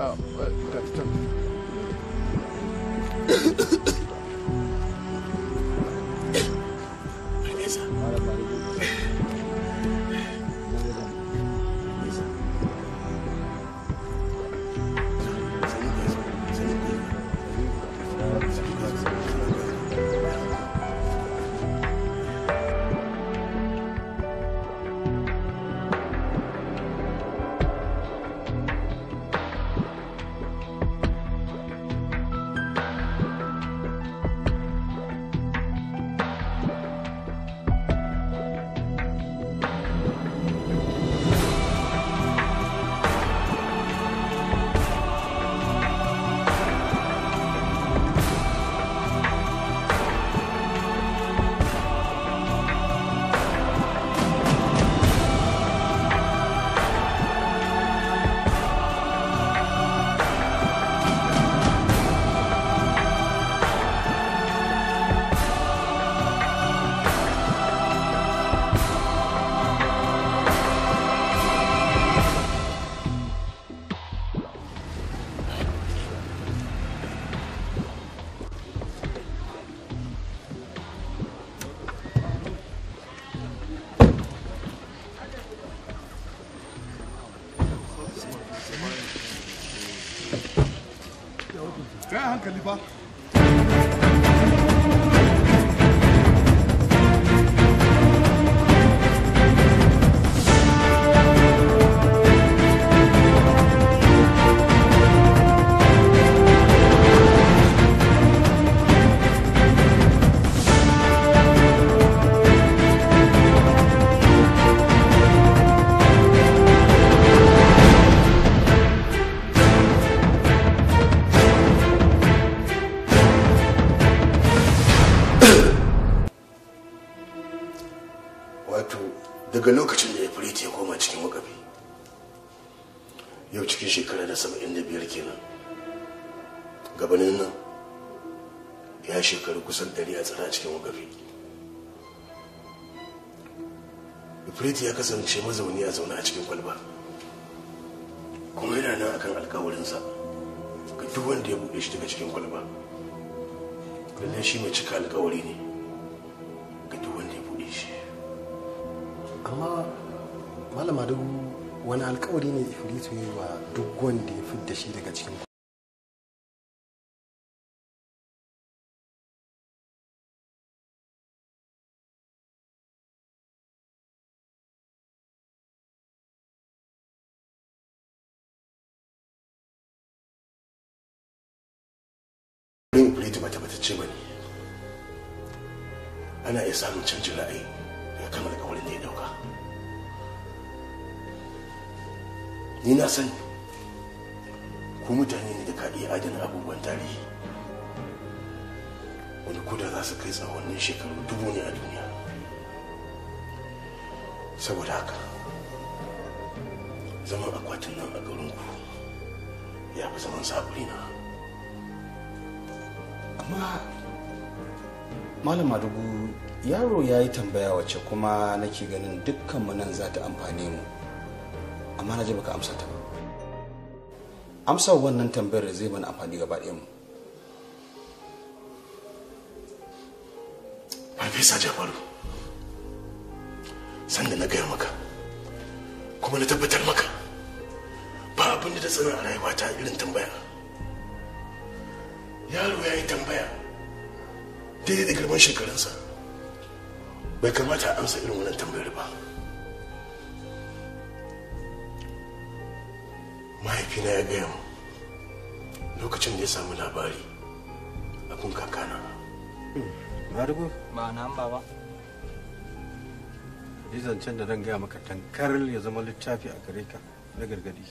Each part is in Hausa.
Oh. firiti ya kasance mazauni a zaune a cikin kwalba kuma yana nan akan alkawarinsa ga duk wanda ya buɗe shi daga cikin kwalba lallai shi mai cika alkawari ne ga duk wanda ya buɗe shi amma malama duk wani alkawari ne ifiritu yi wa duk wanda ya fidda shi daga cikin rikice ba ne ana iya samun canjin ra'ayi daga kan da ya dauka ni na sani ku mutane ne da ka iya adana abubuwan tarihi wani kuda za su kai tsawonnin shekaru dubu ne a duniya saboda haka zaman akwatin nan a garinku ya fi zaman saburina amma malama dubu yaro ya yi tambaya wacce kuma nake ganin dukkan mu nan za ta amfane mu amma na ji baka amsa ta ba amsa wannan tambayar da zai mana amfani gaba ɗaya mu Farfesa Jabaru, sanda na gaya maka, kuma na tabbatar maka, ba abin da ta tsana a rayuwa ta irin tambaya. yaro ya yi tambaya daidai da girman shekarunsa bai kamata a amsa irin wannan tambayar ba mahaifina ya gaya mu lokacin da ya samu labari kun kakana marugu ba nan ba yi zancen da zan gaya maka tankar ya zama littafi a gare ka na gargadi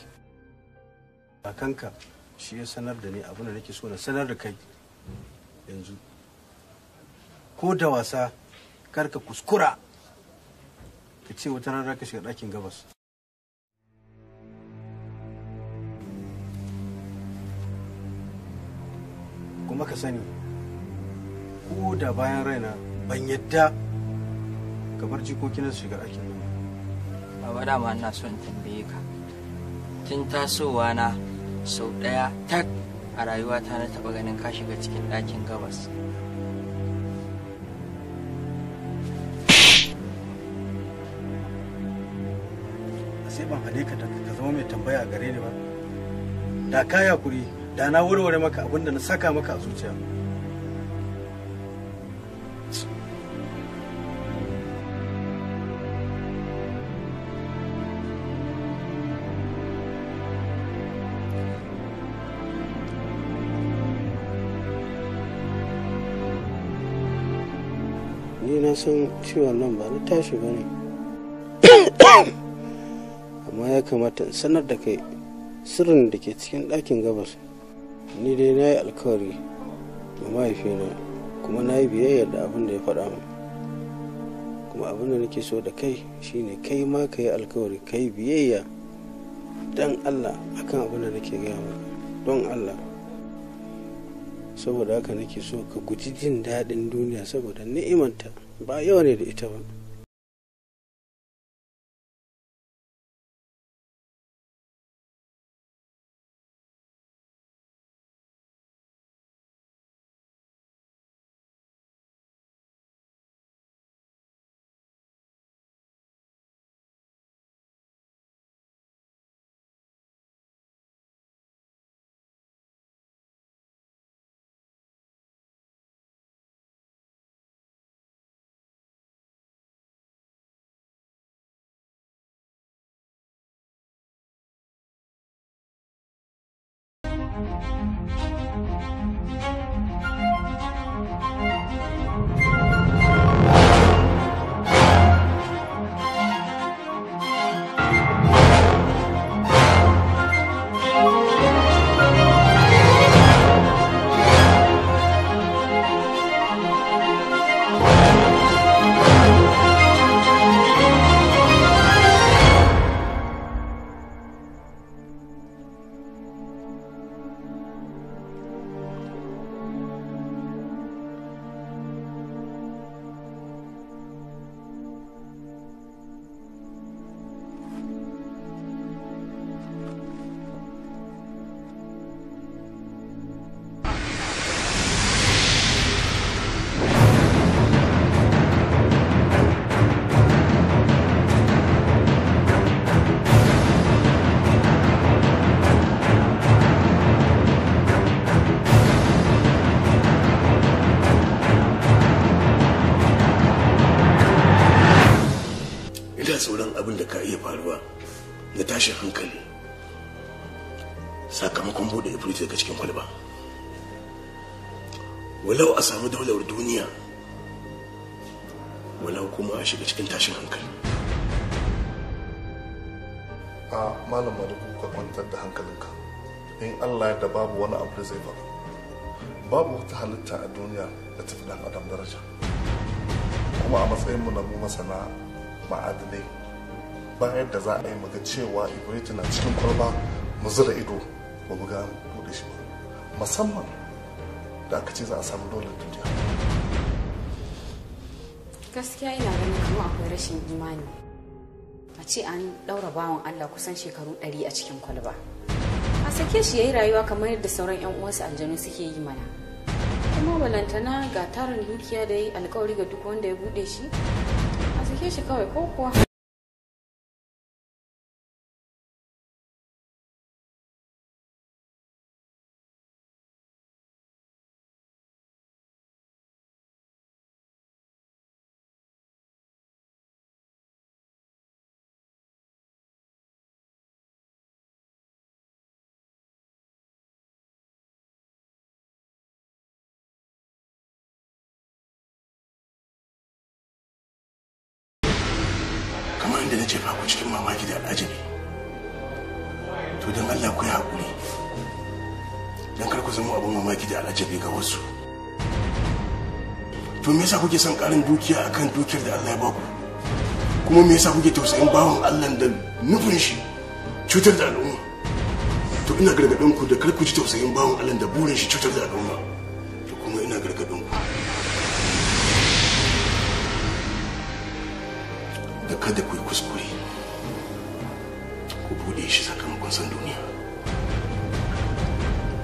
kakanka shi ya sanar da ni abin da nake so na sanar da kai yanzu ko da wasa karka kuskura ka ce wata rana ka shiga dakin gabas kuma ka sani ko da bayan raina ban yadda ka bar jikokin su shiga ɗakin nan ba dama ina son tambaye ka tun tasowa na sau ɗaya tak a rayuwata na taɓa ganin ka shiga cikin ɗakin gabas a sai ban hade ka ka zama mai tambaya gare ni ba da kaya kuri da na warware maka abinda na saka maka a zuciya ni na san ciwon nan ba na tashi ba ne amma ya kamata in sanar da kai sirrin da ke cikin ɗakin gabas ni dai na yi alkawari da mahaifina kuma na yi biyayya da abin da ya faɗa min kuma abin da nake so da kai shine kai ma ka yi alkawari ka yi biyayya don allah akan abin da nake gaya maka don allah saboda haka nake so ka guji jin daɗin duniya saboda ni'imanta ba yawa ne da ita ba da zai faru babu wata halitta a duniya da tafi dan adam daraja kuma a matsayinmu na mu masana ma'adinai ba yadda za a yi muga cewa ibrahim na cikin kwalba mu zura ido ba mu ga buɗe shi ba musamman da aka ce za a samu dole duniya gaskiya ina ganin kuma akwai rashin imani a ce an daura bawan allah kusan shekaru ɗari a cikin kwalba a sake shi ya yi rayuwa kamar yadda sauran 'yan uwansa aljanu suke yi mana kuma balantana ga tarin dukiya da ya yi alkawari ga duk wanda ya bude shi a sake shi kawai ko kuwa to me yasa kuke son karin dukiya akan dukiyar da Allah ya baku kuma me yasa kuke tausayin bawan Allah da nufin shi cutar da al'umma to ina gargaɗin ku da kar ku ji tausayin bawan Allah da burin shi cutar da al'umma to kuma ina gargaɗin ku da kada ku yi kuskure ku bude shi sakamakon san duniya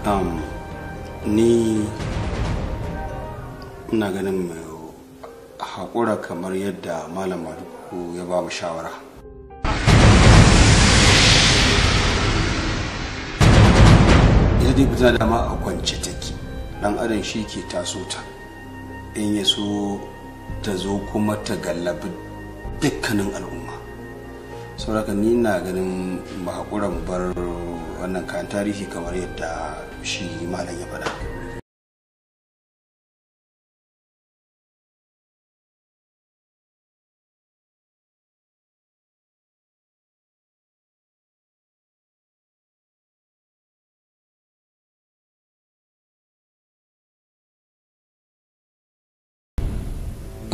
um, ni ina ganin mai haƙura kamar yadda malam maluku ya ba mu shawara ita dai fita dama a kwance take dan adam shi ke taso ta in ya so ta zo kuma ta gallabi dukkanin al'umma sauraka ni na ganin mu haƙura mu bar wannan kayan tarihi kamar yadda shi malam ya faɗa.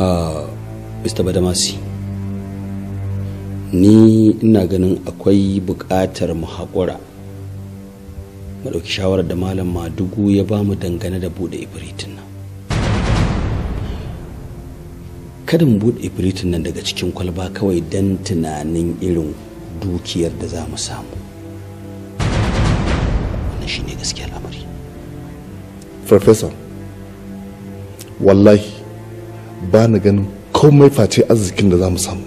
Uh, ah, Mr. Badamasi, ni ina ganin akwai buƙatar mu haƙura mu ɗauki shawarar da Malam Madugu ya ba mu dangane da buɗe ibritin nan. Kada mu buɗe ifiritin nan daga cikin kwalba kawai don tunanin irin dukiyar da za mu samu. Wannan shi ne gaskiyar lamari. Farfesa, wallahi ba na ganin komai face arzikin da za mu samu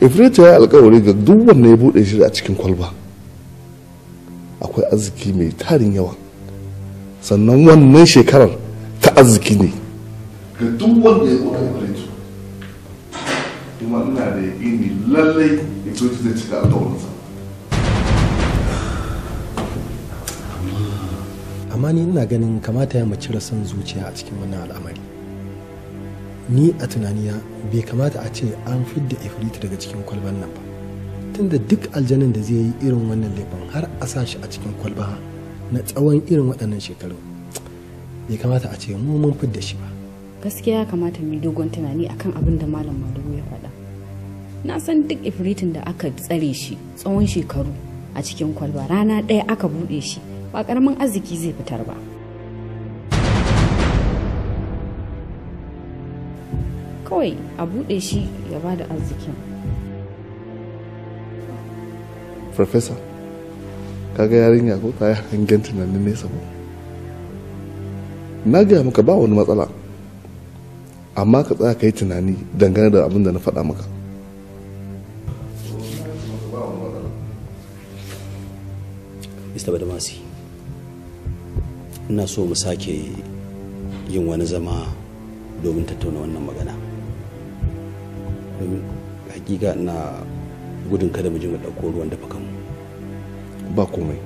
ifrita ya alkawari ga duk wanda ya buɗe shi a cikin kwalba akwai arziki mai tarin yawa sannan wannan shekarar ta arziki ne ga duk wanda ya buɗe ifrita kuma ina da yaƙini lallai ifrita zai cika alkawarinsa amma ni ina ganin kamata ya mace rasan zuciya a cikin wannan al'amari ni a tunaniya bai kamata a ce an fidda ifrit daga cikin kwalban nan ba tunda duk aljanin da zai yi irin wannan laifin har a sa shi a cikin kwalba na tsawon irin waɗannan shekaru bai kamata a ce mu mun fidda shi ba gaskiya ya kamata mu dogon tunani akan abin da malam madugu ya faɗa na san duk ifritin da aka tsare shi tsawon shekaru a cikin kwalba rana ɗaya aka buɗe shi ba karamin arziki zai fitar ba kawai a buɗe shi ya ba da arzikin Professor, kaga yarinya ko ta yi hangen tunanin nesa ba. Na gaya maka ba wani matsala, amma ka tsaya ka yi tunani dangane da abin da na faɗa maka. Mr. Badamasi. ina so mu sake yin wani zama domin tattauna wannan magana domin hakika ina gudun kada mu je mu ɗauko ruwan dafa kanmu ba komai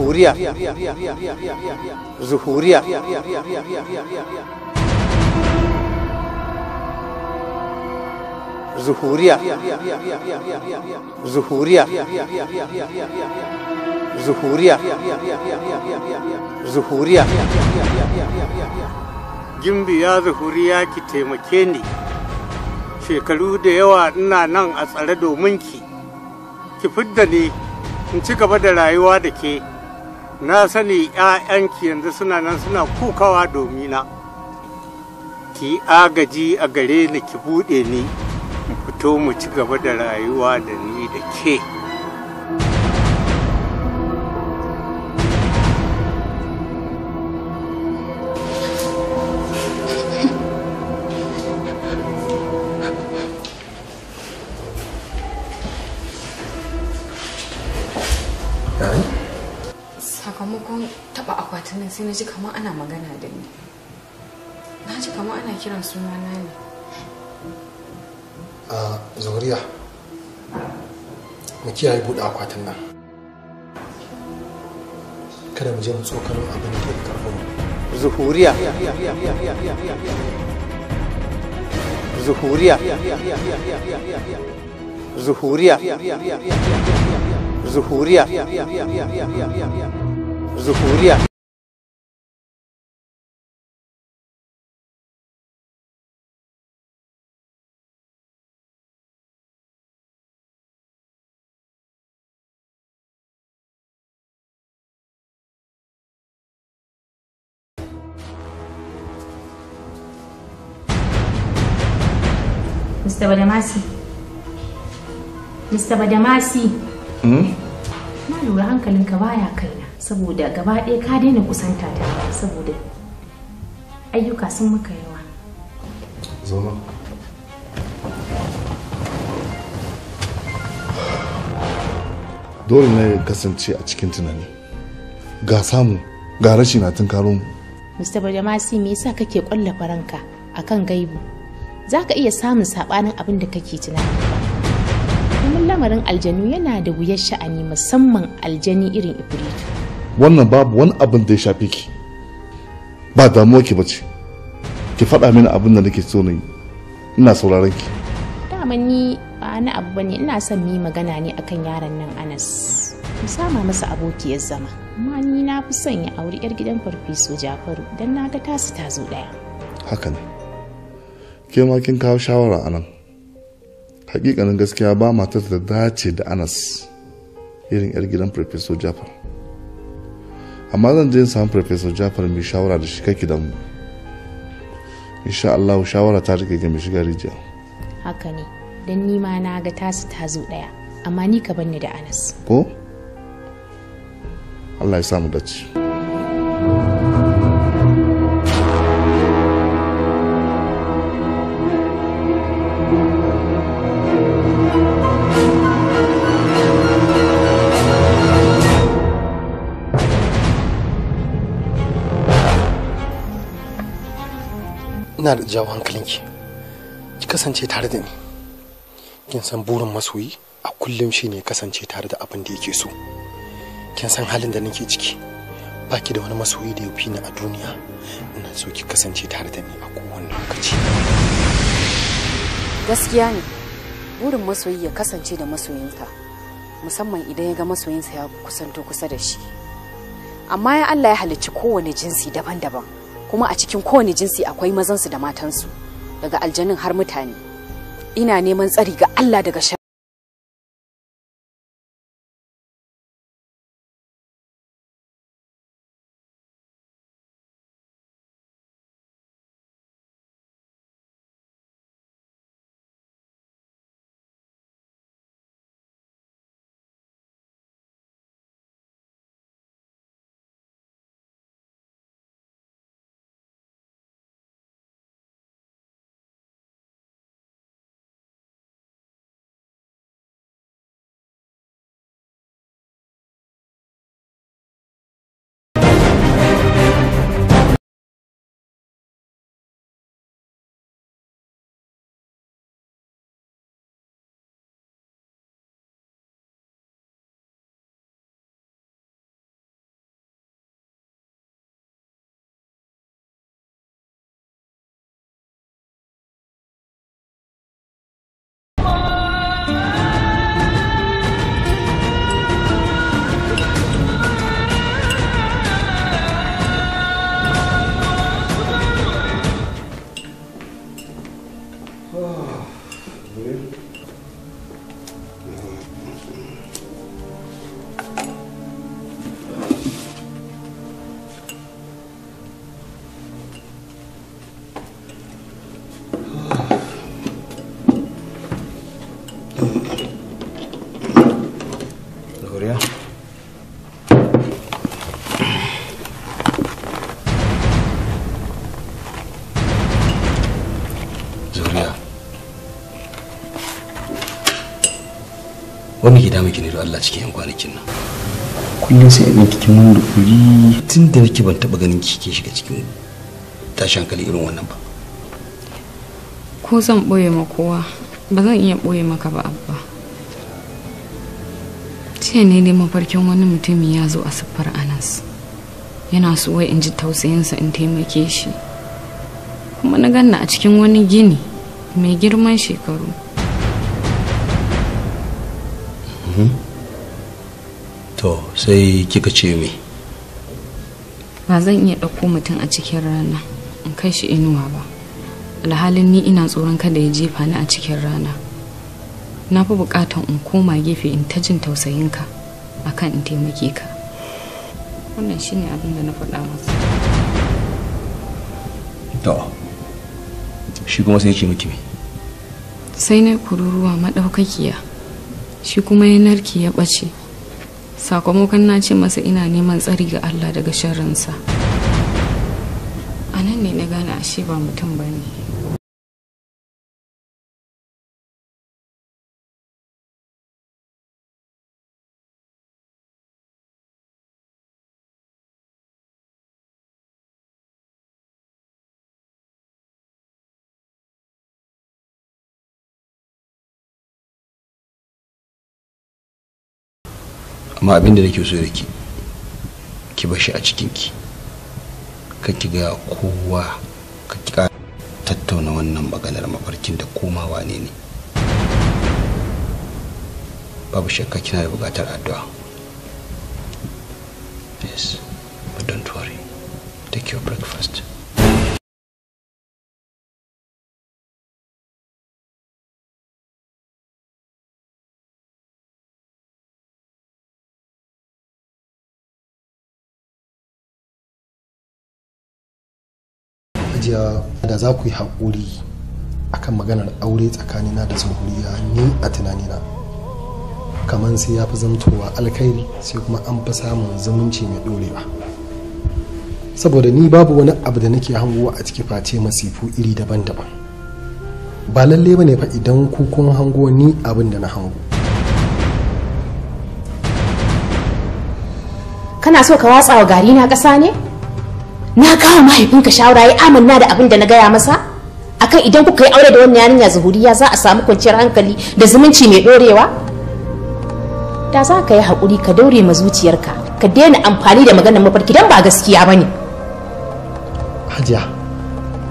zuhuriya zuhuriya zuhuriya zuhuriya zuhuriya zuhuriya gimbi ya zuhuriya ki taimake ni shekaru da yawa ina nan a tsare domin ki ki fidda ni in ci gaba da rayuwa da ke na sani ‘ya'yanki yanzu suna nan suna kukawa domina ki agaji a gare ni ki buɗe ni mu fito mu ci gaba da rayuwa da ni da ke. satin nan sai na ji kamar ana magana da ni na ji kamar ana kiran na ne a zauriya mu kiyaye buɗe akwatin nan kada mu je mu tsokar abin da ya karfin zuhuriya zuhuriya zuhuriya zuhuriya zuhuriya Mr. Badamasi. Mr. Badamasi. Hmm? Na lura hankalinka baya kaina saboda gaba ɗaya ka daina kusanta ta saboda ayyuka sun maka yawa. Zoma. Dole ne kasance a cikin tunani. Ga samu, ga rashi na tunkaro mu. Mr. Badamasi me yasa kake kwallafa ranka akan gaibu? za ka iya samun saɓanin abin da kake tunani domin lamarin aljanu yana da wuyar sha'ani musamman aljani irin ibritu wannan babu wani abin da ya shafe ki ba damuwa ki bace ki faɗa mini abin da nake so na yi ina sauraron ki dama ni ba na abu bane ina son mi magana ne akan yaron nan Anas Ku sama masa abokiyar zama amma ni na fi son ya auri yar gidan farfeso Jafaru dan na ga tasu ta zo daya haka ne ke ma kin kawo shawara a nan hakikanin gaskiya ba matar da dace da anas irin yar gidan professor jafar amma zan je samu professor jafar mai shawara da shi kake da mu insha Allah shawara ta rike mai shiga rijiya haka ne don nima na ga tasu ta zo daya amma ni ka banni da anas ko Allah ya samu dace ina da jawo hankalinki ki kasance tare da ni kin san burin masoyi a kullum shine kasance tare da abin da yake so kin san halin da nake ciki baki da wani masoyi da ya fi ni a duniya ina so ki kasance tare da ni a kowane lokaci gaskiya ne burin masoyi ya kasance da masoyinka musamman idan ya ga masoyinsa ya kusanto kusa da shi amma ya Allah ya halicci kowane jinsi daban-daban kuma a cikin kowane jinsi akwai mazansu da matansu daga aljanin har mutane ina neman tsari ga Allah daga me ke miki ne don Allah cikin yan kwanakin nan kullum sai ga mun da kuri tun da nake ban taba ganin ki shiga cikin tashin hankali irin wannan ba ko zan boye ma kowa ba zan iya boye maka ba abba jiya ne ne mafarkin wani mutumi ya zo a siffar anas yana so wai in ji tausayinsa in taimake shi kuma na ganna a cikin wani gini mai girman shekaru to sai kika ce me ba zan iya ɗauko mutum a cikin rana in kai shi inuwa ba alhalin ni ina tsoron kada ya jefa ni a cikin rana na fi bukatan in koma gefe in ta jin tausayinka akan in taimake ka wannan shine abin da na faɗa masa to shi kuma sai ce miki sai na kururuwa maɗaukakiya shi kuma ya narki ya ɓace sakamakon na ce masa ina neman tsari ga allah daga sharrinsa a nan ne na gane ashe ba mutum ba ne amma abin da nake so da ki ki bashi a cikinki ka ki ga kowa ka ki tattauna wannan maganar mafarkin da koma wane ne babu shakka kina da bukatar addu'a yes but don't worry take your breakfast hajiya da za ku yi haƙuri akan maganar aure na da zahuriya ni a tunanina kamar sai ya fi zamtowa alkhairi sai kuma an fi samun zumunci mai ɗorewa saboda ni babu wani abu da nake hangowa a ciki face masifu iri daban-daban ba lalle ba ne fa idan ku kun hango ni abin da na hango kana so ka watsa wa gari na ƙasa ne? na kawo mahaifinka shawara ya amanna da abin da na gaya masa akan idan kuka yi aure da wannan yarinya zuhuriya za a samu kwanciyar hankali da zumunci mai dorewa da za ka yi haƙuri ka daure ma zuciyarka ka daina amfani da maganar mafarki don ba gaskiya ba ne hajiya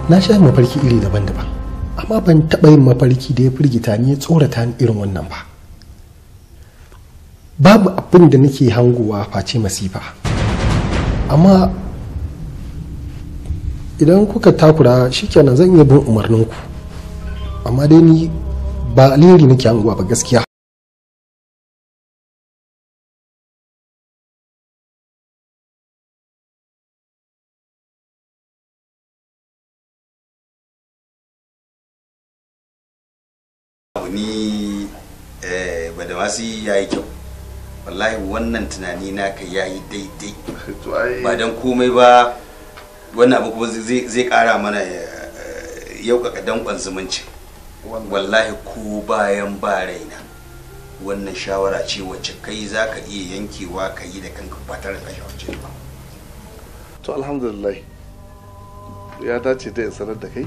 na sha mafarki iri daban-daban amma ban taɓa yin mafarki da ya firgita ni ya tsorata ni irin wannan ba babu abin da nake hangowa face masifa amma idan kuka takura shikenan zan iya bin umarnin ku amma dai ni ba alheri nake anguwa ba gaskiya ni eh, badawasi ya yi kyau wallahi wannan tunani naka ya yi daidai ba don komai ba wannan abu kuma zai kara mana eh, yaukaka dankon zumunci wallahi ku bayan ba raina wannan shawara ce wacce kai za ka iya yankewa ka yi da kanka fatar ka shawarce ba to alhamdulillah ya dace da sanar da kai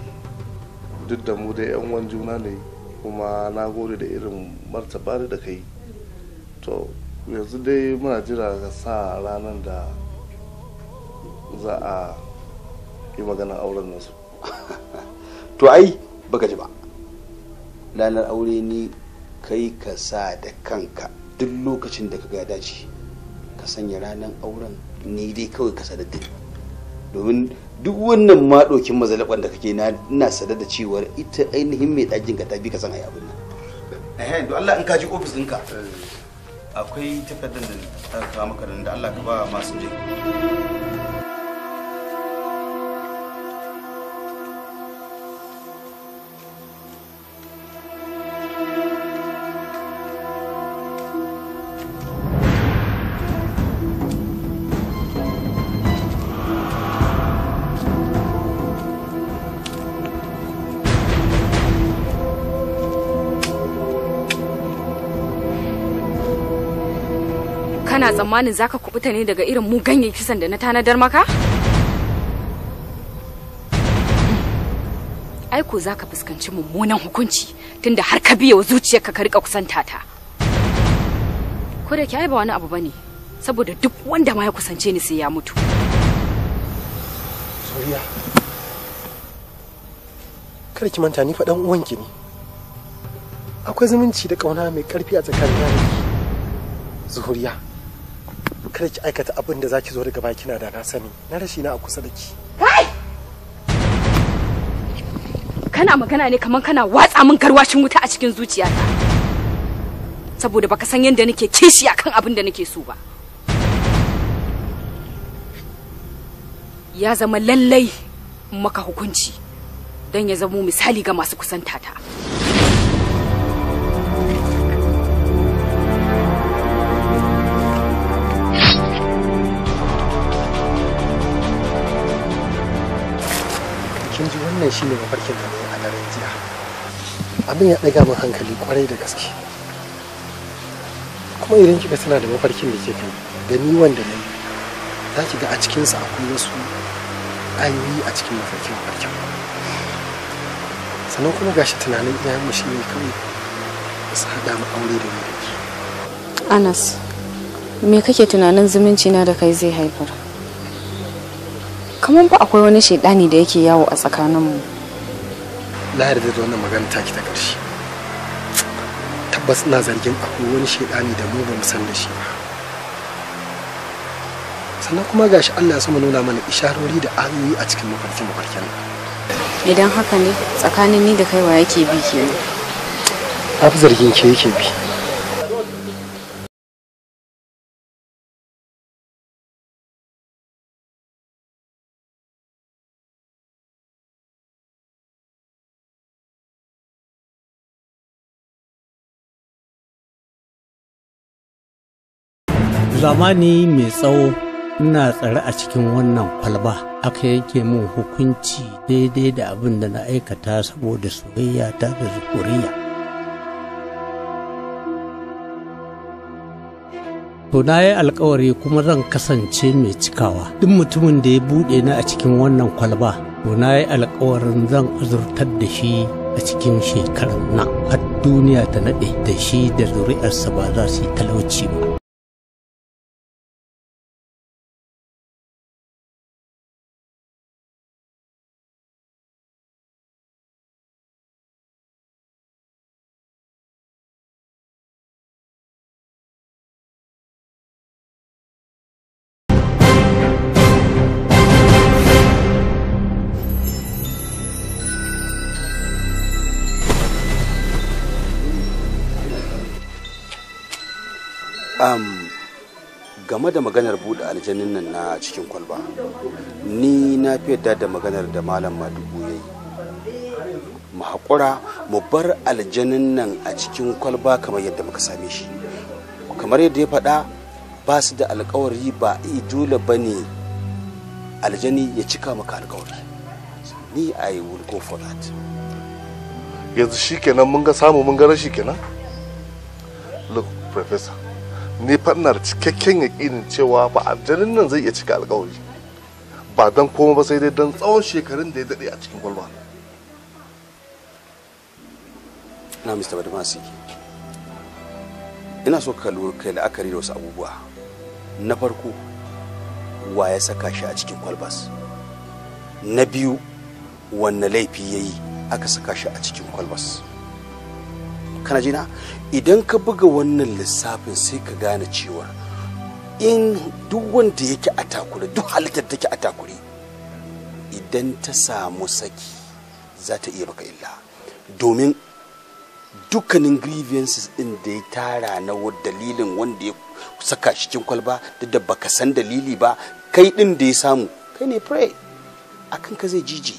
duk da mu da yan uwan juna ne kuma na gode da irin martaba da kai to yanzu dai muna jira ga sa ranar da za a yi magana auren nasu to ai baka ji ba ranar aure ni kai ka sa da kanka duk lokacin da ka ga dace ka sanya ranar auren ni dai kawai ka sadar domin duk wannan maɗokin mazalaban da kake na ina sadar da cewar ita ainihin mai ɗakin ka ta bi ka san ayi abin nan eh to Allah in ka ji ofis ɗinka eh. akwai takardar da ta kawo maka da Allah ka ba masu je tsammanin zaka kubuta ne daga irin mu ganyen kisan da na tanadar maka ai ko zaka fuskanci mummunan hukunci tunda har ka biya zuciyarka ka rika kusanta ta ko da ai ba wani abu bane saboda duk wanda ma ya kusance ni sai ya mutu Soriya kar ki manta ni fa dan uwanki ne akwai zumunci da kauna mai karfi a tsakanin ki. zuhuriya kada ki aikata abin da zaki zo daga baki na da na sani na rashi na a kusa da ki kai kana magana ne kamar kana watsa min karwashin wuta a cikin zuciyata saboda baka san yadda nake kishi akan abin da nake so ba ya zama lallai maka hukunci don ya zamo misali ga masu kusantata. shine mafarkin da ne a daren jiya abin ya ɗaga min hankali kwarai da gaske kuma idan kika tana da mafarkin da ke kai da ni wanda na yi za ki ga a cikinsa akwai wasu an yi a cikin mafarkin mafarkin sannan kuma gashi tunanin iyayenmu shi ne kawai su haɗa mu aure da ni anas me kake tunanin zumunci na da kai zai haifar kamar ba akwai wani shaidani da yake yawo a tsakaninmu na yarda da wannan magana ki ta ƙarshe tabbas ina zargin akwai wani shaidani da mu ba mu san da shi ba sannan kuma gashi Allah ya sama nuna mana isharori da ayoyi a cikin mafarkin mafarkin idan haka ne tsakanin ni da kai kaiwa yake bi kenan na fi zargin ke yake bi zamani mai tsawo ina tsare a cikin wannan kwalba aka yanke min hukunci daidai da abin da na aikata saboda soyayya ta da zukuriya to na yi alkawari kuma zan kasance mai cikawa duk mutumin da ya buɗe ni a cikin wannan kwalba to na yi alkawarin zan azurtar da shi a cikin shekarar nan har duniya ta naɗe da shi da zuri'arsa ba za su yi talauci ba game da maganar bude aljanin nan na cikin kwalba ni na fi yadda da maganar da malam madubu ya yi mu haƙura mu bar aljanin nan a cikin kwalba kamar yadda muka same shi kamar yadda ya faɗa ba su da alkawari ba dole ba ne aljani ya cika maka alkawari ni i will go for that yanzu shikenan mun ga samu mun ga rashi kenan look professor ni fannar cikakken yaƙinin cewa ba aljanin nan zai iya cika alƙawari ba don koma ba sai dai don tsawon shekarun da ya daɗe a cikin kwalba na ina so ka lura kai la'akari da wasu abubuwa na farko wa ya saka shi a cikin kwalbas na biyu wanne laifi ya yi aka saka shi a cikin kwalbas kana jina idan ka buga wannan lissafin sai ka gane cewa in duk wanda yake a takure duk halittar take a takure idan ta samu saki za ta iya baka illa domin dukkanin grievances din da ya tara na dalilin wanda ya saka shi cikin kwalba da da baka san dalili ba kai din da ya samu kai ne pray akan ka zai jije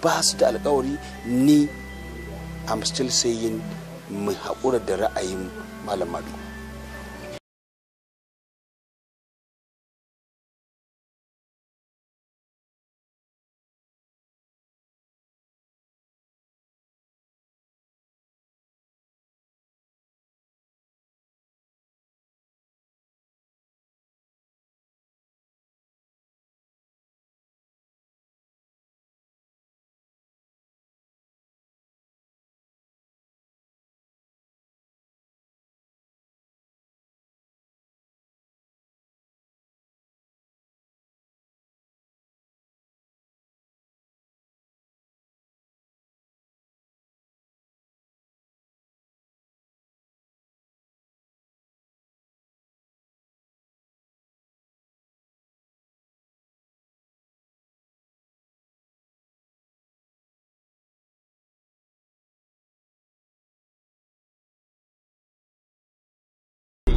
ba su da alkawari ni i'm still saying mu haƙura da ra'ayin malam madu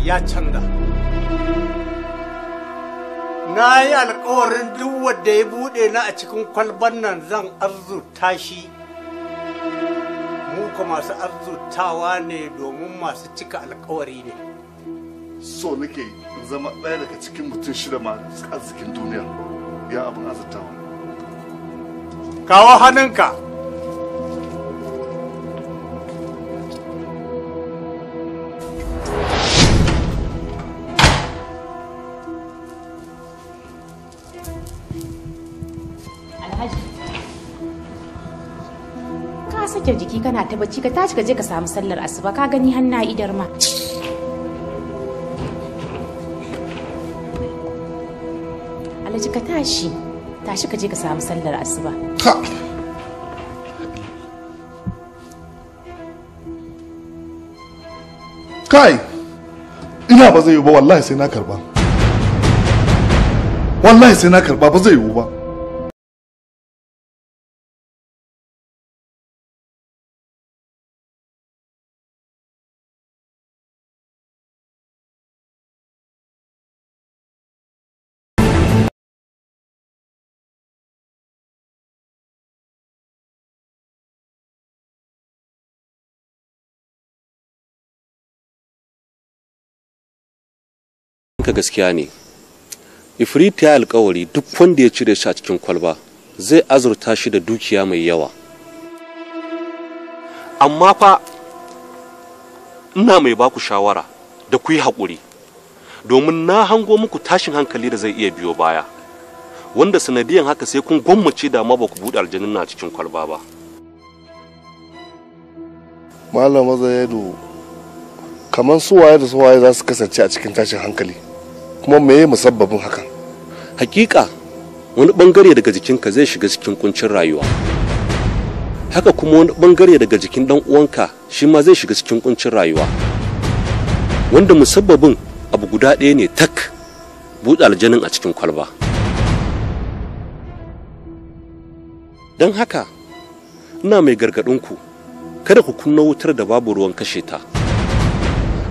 ya canza na yi alkawarin duk wanda ya buɗe na a cikin kwalban nan zan arzuta shi muka masu arzutawa ne domin masu cika alƙawari ne so nake zama ɗaya daga cikin mutum shida masu arzikin duniya ya abin arzutawa kawo hannunka kana ta bacci ka tashi ka je ka samu sallar asuba ka gani hanna idar ma alhaji ka tashi tashi ka je ka samu sallar asuba kai ina ba zai yi ba wallahi sai na karba wallahi sai na karba ba zai yi ba ka gaskiya ne ifrit ya alkawari duk wanda ya cire shi a cikin kwalba zai azurta shi da dukiya mai yawa amma fa ina mai baku shawara da ku yi haƙuri domin na hango muku tashin hankali da zai iya biyo baya wanda sanadiyan haka sai kun gwammace da ma ku buɗe aljanin na cikin kwalba ba malam zayadu kamar suwaye da suwaye za su kasance a cikin tashin hankali kuma ya musabbabin hakan hakika wani bangare daga jikinka zai shiga cikin kuncin rayuwa haka kuma wani bangare daga jikin dan uwanka shi ma zai shiga cikin kuncin rayuwa wanda musabbabin abu guda ɗaya ne tak buɗe aljanin a cikin kwalba don haka ina mai ku kada ku kunna wutar da babu ruwan kashe ta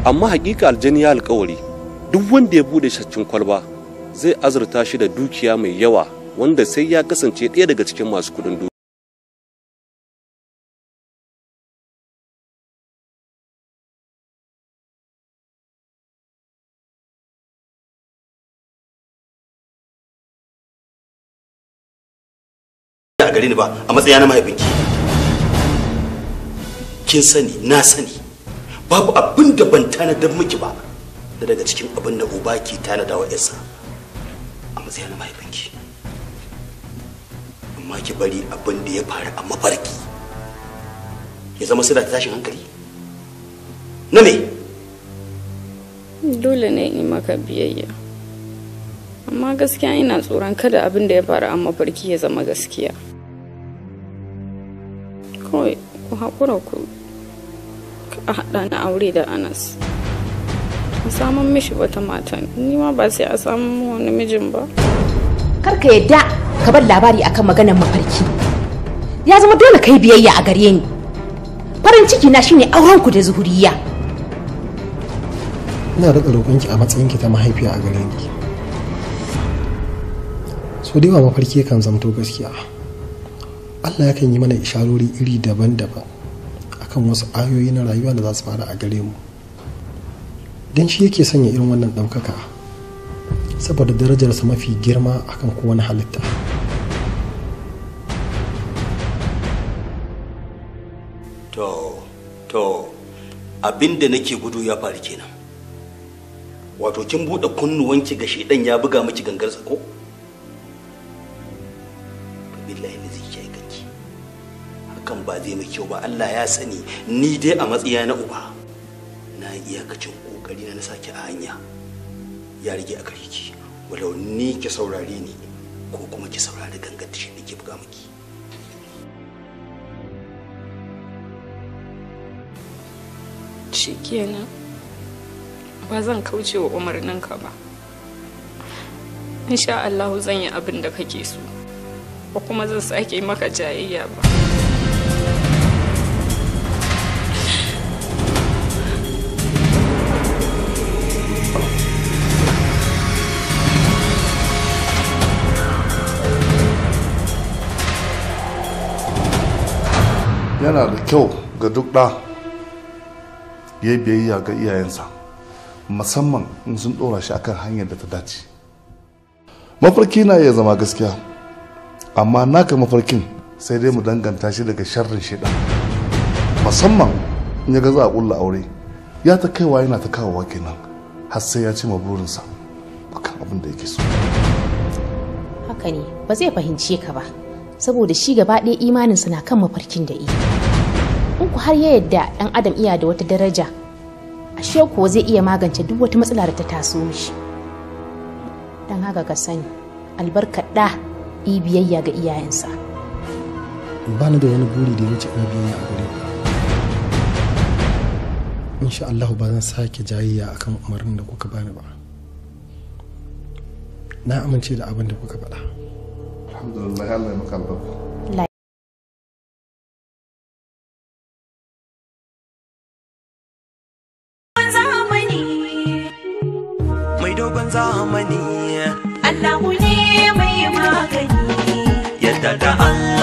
amma hakika aljani ya alkawari duk wanda ya bude shaccin kwalba zai azurta shi da dukiya mai yawa wanda sai ya kasance ɗaya daga cikin masu kudin duniya a ni ba a matsayi na mahaifinki kin sani na sani babu abin da ban tanadar miki ba da daga cikin abin da uba ke tanada wa yarsa a matsayin mahaifinki amma ki bari abin da ya faru a mafarki ya zama da tashin hankali na me dole ne in maka biyayya amma gaskiya ina tsoron kada abin da ya faru a mafarki ya zama gaskiya kawai ku haƙura ku a haɗa na aure da anas samun mishi wata mata ni ma ba sai a samu wani mijin ba kar ka yadda ka bar labari akan maganar mafarki ya zama dole kai biyayya a gare ni farin ciki na shine auren ku da zuhuriya ina da ki a matsayin ki ta mahaifiya a gare ni so da yawa mafarki kan zamto gaskiya Allah yakan yi mana isharori iri daban-daban akan wasu ayoyi na rayuwa da za su fara a gare mu don shi yake sanya irin wannan ɗaukaka saboda darajarsa mafi girma akan kowane halitta to to abin da nake gudu ya faru kenan wato kin buɗe kunnuwanki ga shaidan ya buga miki gangar ko billahi ne zai kanki hakan ba zai mai kyau ba Allah ya sani ni dai a matsaya na uba na iyakacin ku sake a hanya ya rige a gare ki walau ni ki saurare ni ko kuma ki saurari gangar da shi ke buga miki shikenan ba zan kauce wa umarninka ba insha Allah zan yi abin da kake so ba kuma zan sake maka jayayya ba yana da kyau ga duk ɗa ya biyayya ga iyayensa musamman in sun ɗora shi akan hanyar da ta dace mafarki na iya zama gaskiya amma naka mafarkin sai dai mu danganta shi daga sharrin shaidan musamman in ya ga za a ƙulla aure ya ta kaiwa yana ta kawowa kenan har sai ya ci burinsa kan abin da yake so haka ne ba zai fahimce ka ba saboda shi gaba ɗaya imaninsa na kan mafarkin da iya in ku har ya yadda ɗan adam iya da wata daraja ashe kuwa zai iya magance duk wata matsala da ta taso mishi dan haka ka sani albarka ɗa yi biyayya ga iyayensa ba ni da wani buri da ya wuce in biyayya a insha Allah ba zan sake jayayya akan umarnin da kuka bani ba na amince da abin da kuka faɗa. alhamdulillah Allah ya mai dogon zamani Allah ne mai magani yadda da Allah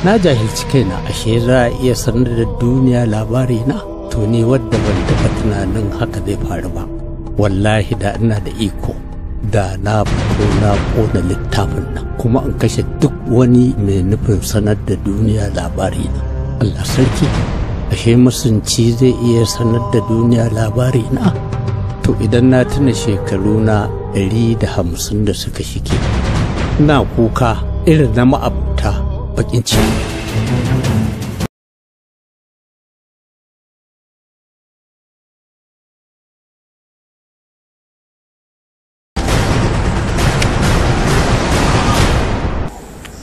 na jahilci kaina ashe za a iya sanar da duniya labari na to ne wadda ban taɓa tunanin haka zai faru ba wallahi da ina da iko da na fito na ƙona littafin nan kuma in kashe duk wani mai nufin sanar da duniya labari na allah sarki ashe masunci zai iya sanar da duniya labari na to idan na tuna shekaru na ɗari da hamsin da suka shike ina kuka irin na ma'abta baƙin ciki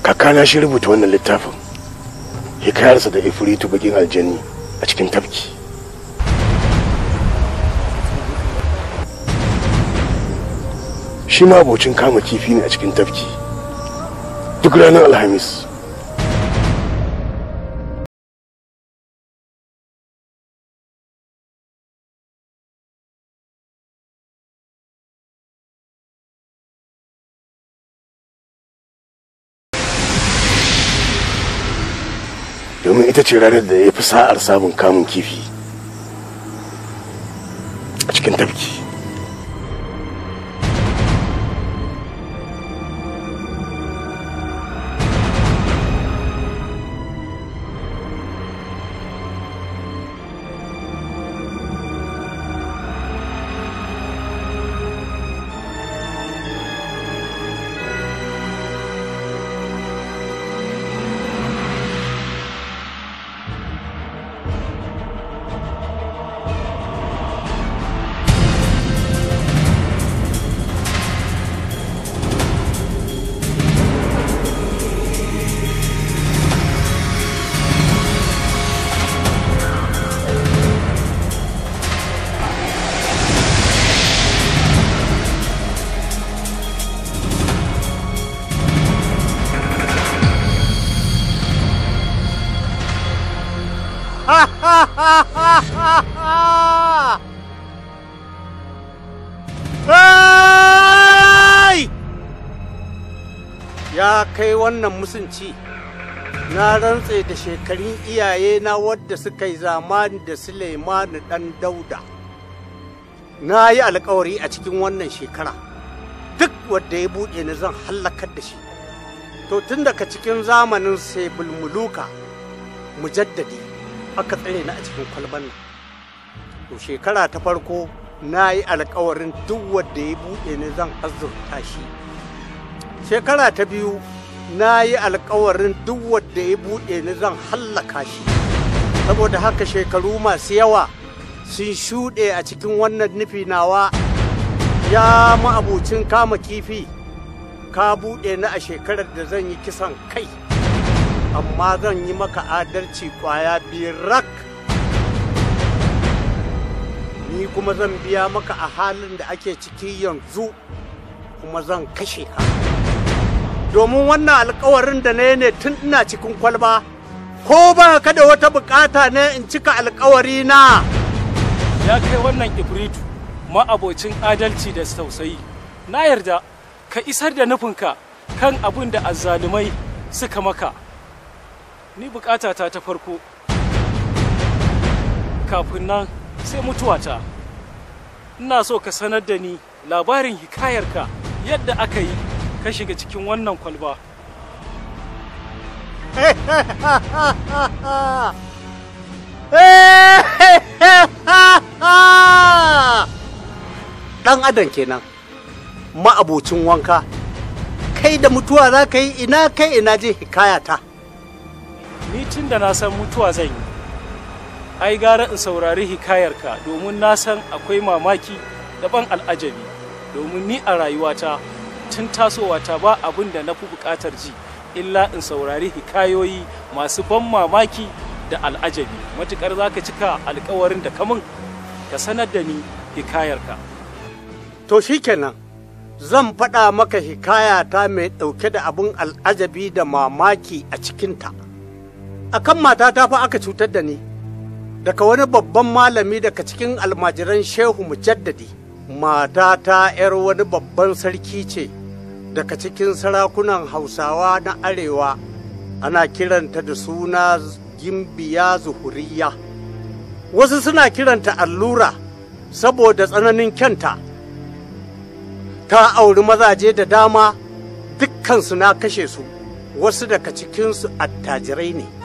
kakana shi rubuta wannan littafin hikayarsa da ifritu bakin aljanni a cikin tafki shi ma abocin kama kifi ne a cikin tafki duk ranar alhamis ita ce ranar da ya fi sa'ar samun kamun kifi a cikin tafki wannan musunci na rantse da shekarun iyaye na wadda suka yi zamani da Suleimanu ɗan dauda na yi alkawari a cikin wannan shekara duk wadda ya buɗe ni zan hallakar da shi to tun daga cikin zamanin sebul muluka mujaddadi aka tsare ni a cikin kwalban nan to shekara ta farko na yi alkawarin duk wadda ya buɗe ni zan azurta shi shekara ta biyu na yi alkawarin duk wanda ya buɗe ni zan hallaka shi saboda haka shekaru masu yawa sun shuɗe a cikin wannan nufi nawa ya ma'abucin kama kifi ka buɗe ni a shekarar da zan yi kisan kai amma zan yi maka adalci kwaya birak ni kuma zan biya maka a halin da ake ciki yanzu kuma zan kashe ka. domin wannan alkawarin da na ne tun ina cikin kwalba ko ba ka da wata bukata ne in cika alkawari na ya kai wannan ibritu ma'abocin adalci da tausayi na yarda ka isar da nufinka kan abin da azzalumai suka maka ni ta ta farko kafin nan sai mutuwata ina so ka sanar da ni labarin hikayarka yadda aka yi ka shiga cikin wannan kwalba ɗan adam kenan ma'abocin wanka kai da mutuwa za ka yi ina kai ina je hikayata ni tun da na san mutuwa zan yi ai gara in saurari hikayarka domin na san akwai mamaki daban al'ajabi domin ni a rayuwata tun tasowa ta ba abin da na fi bukatar ji illa in saurari hikayoyi masu ban mamaki da al'ajabi matukar za ka cika alkawarin da kamun ka sanar da ni hikayarka to shi kenan, zan faɗa maka hikayata mai ɗauke da abun al'ajabi da mamaki a cikinta akan matata fa aka cutar da ni daga wani babban malami daga cikin almajiran shehu mujaddadi matata 'yar wani babban sarki ce daga cikin sarakunan hausawa na arewa ana kiranta da suna gimbiya zuhuriya wasu suna kiranta allura saboda tsananin kyanta ta auri mazaje da dama dukkansu na kashe su wasu daga cikinsu attajirai ne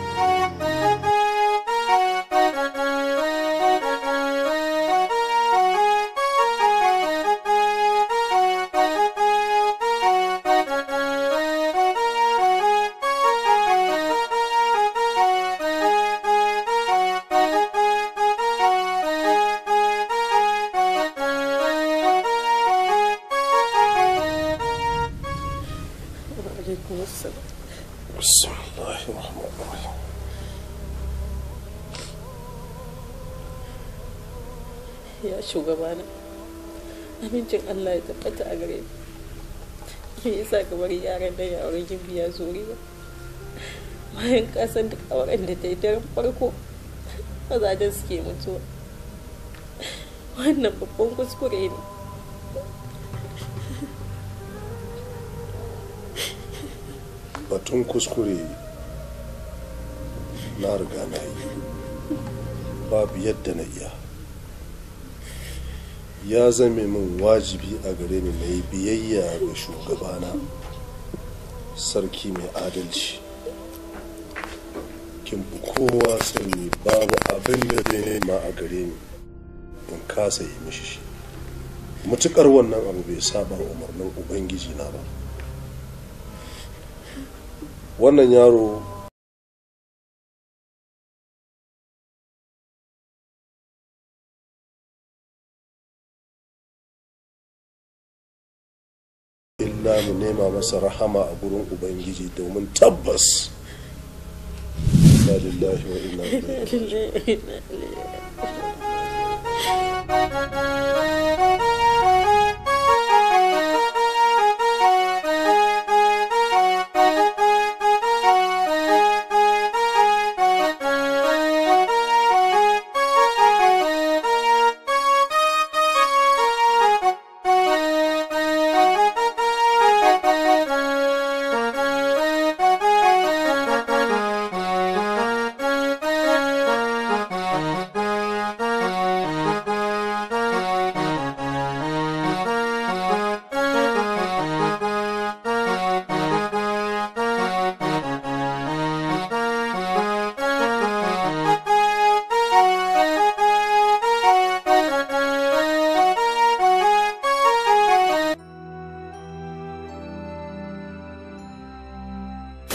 kamar yaran da ya yin biya zuri ba bayan kasan duk auren da ta yi daren farko mazajen suke mutuwa wannan babban kuskure ne batun kuskure na riga na yi babu yadda na iya ya zame min wajibi a gare ni na yi biyayya ga shugabana sarki mai adalci kin fi kowa sani babu abin da zai nema a gare ni in kasa yi mishi shi mutukar wannan abu bai saba umarnin ubangiji na ba wannan yaro nema masa rahama a gurin ubangiji domin tabbas lillahi wa inna ilaihi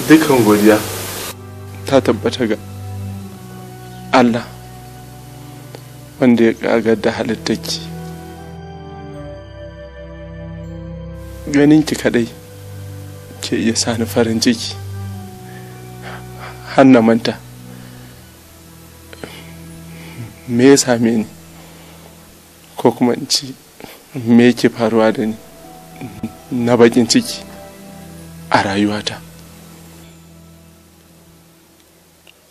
dukkan godiya ta tabbata ga allah wanda ya kagar da halittarki ganinki kadai ke iya sani farin ciki hannan manta me ya same ni ko kuma ci me yake faruwa da ni na bakin ciki a rayuwata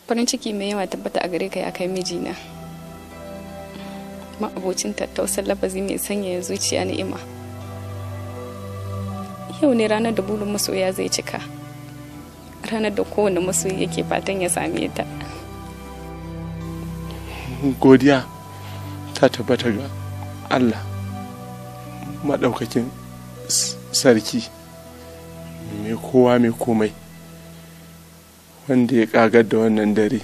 farin ciki mai yawa tabbata a gare ka ya kai mijina ma abocin tattausan lafazi mai sanyaya zuciya ni'ima yau ne ranar da bulun masoya zai cika ranar da kowane masoyi yake fatan ya same ta godiya ta tabbata ga allah maɗaukakin sarki mai kowa mai komai wanda ya kagar da wannan dare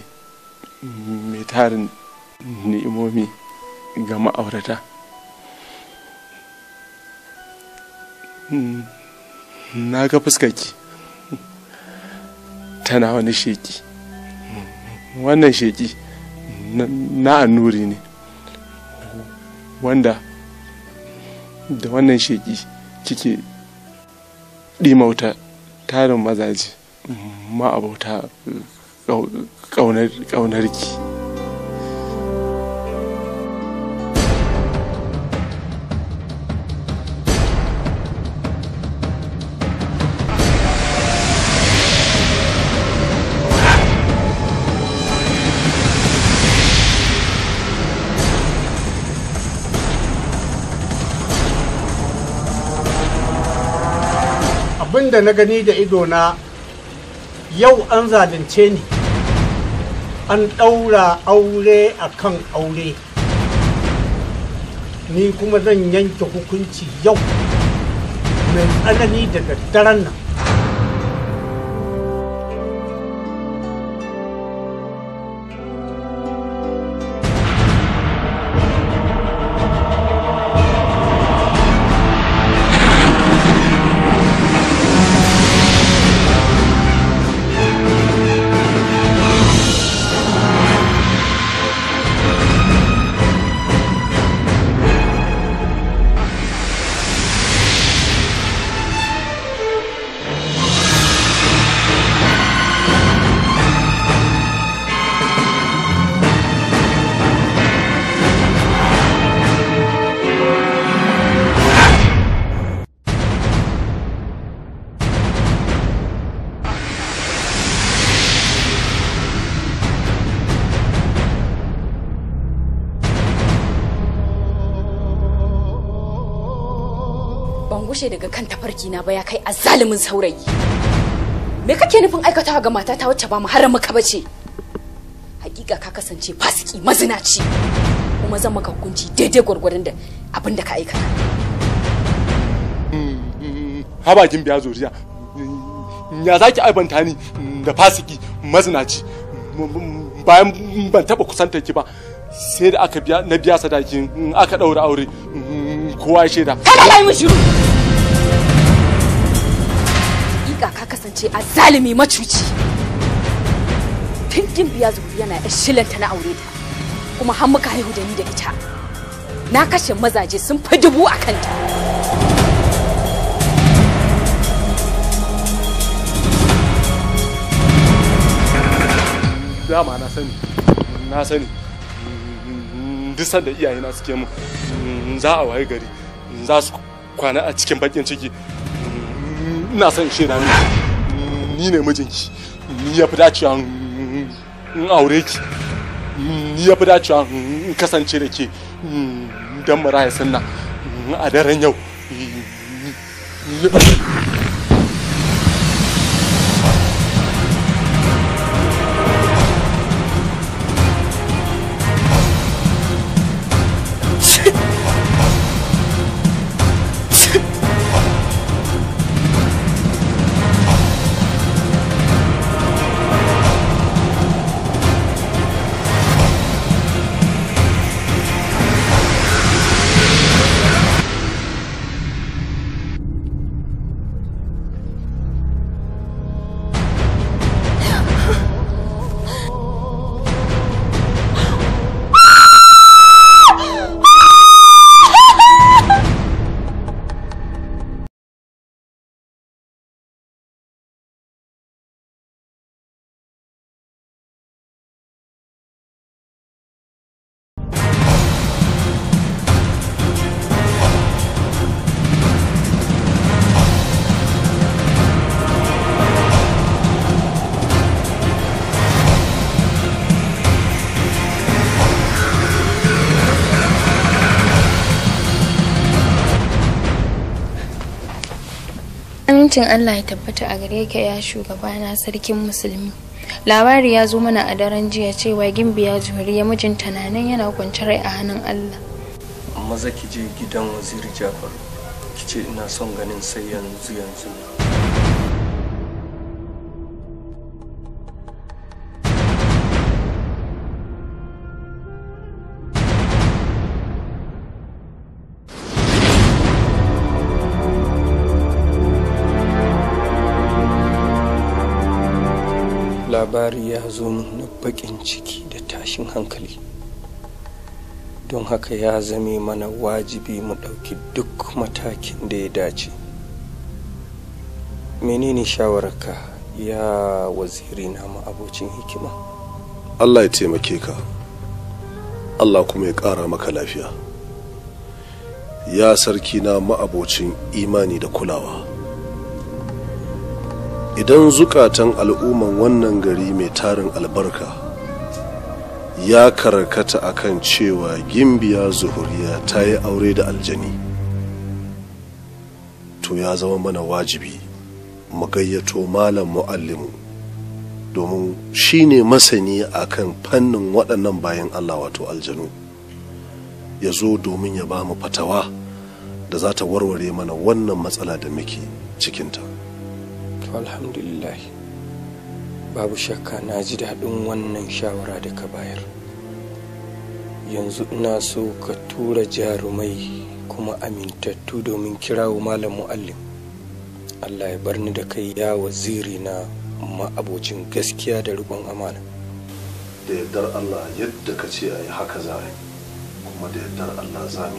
mai tarin ni'imomi ga ma'aurata na ga fuskaki tana wani sheki wannan sheki na annuri ne wanda da wannan sheki kike ɗimauta tarin mazaje ma'abauta ƙaunarki abin da na gani da idona yau an zalunce ni an ɗaura aure a kan aure ni kuma zan yanke hukunci yau mai tsanani daga daren nan tashi daga kan tafarki na ba ya kai azzalumin saurayi me kake nufin aikatawa ga matata wacce ba muharram ka bace hakika ka kasance fasiki mazinaci kuma zan maka hukunci daidai gwargwadon da abin da ka aikata mm, mm, haba kin biya zuriya mm, ya zaki aibanta ni da fasiki mazinaci bayan ban taba kusanta ki ba sai da aka biya na biya sadakin aka daura aure kowa ya shaida kada kai mu shiru ce zalimi macuci tun biya zuri yana shilanta na aure ta kuma har muka haihu da ni da ita na kashe mazaje sun fi dubu a kanta dama na sani na sani duk sanda iyayena suke mu za a waye gari za su kwana a cikin bakin ciki ina son shi na ni ne mijinki ni ya fi dacewa in aure ki ni ya fi dacewa in kasance da ke don maraya sunna a daren yau Amincin Allah ya tabbata a gare ka ya shugaba na sarkin musulmi. Labari ya zo mana a daren jiya cewa gimbiya juri ya mijin tunanin yana kwance rai a hannun Allah. Maza ki je gidan waziri jafar ki ce ina son ganin sai yanzu yanzu. labari ya zo na baƙin ciki da tashin hankali don haka ya zame mana wajibi mu ɗauki duk matakin da ya dace menene shawararka ya waziri na abocin hikima allah ya taimake ka allah kuma ya ƙara maka lafiya ya sarki na ma'abocin imani da kulawa idan zukatan al'umman wannan gari mai tarin albarka ya karkata a kan cewa gimbiya zuhuriya ta yi aure da aljani to ya zama mana wajibi mu gayyato malam mu'allimu domin shi ne masani akan fannin waɗannan bayan allah wato aljanu ya zo domin ya ba mu fatawa da za ta warware mana wannan matsala da muke cikinta alhamdulillah babu shakka na ji daɗin wannan shawara da ka bayar yanzu ina so ka tura jarumai kuma amintattu domin kirawo malam mu'allim allah ya bar ni da kai ya waziri na ma'abocin gaskiya da rubon amana da yardar allah yadda ka ce a yi haka za kuma da yardar allah za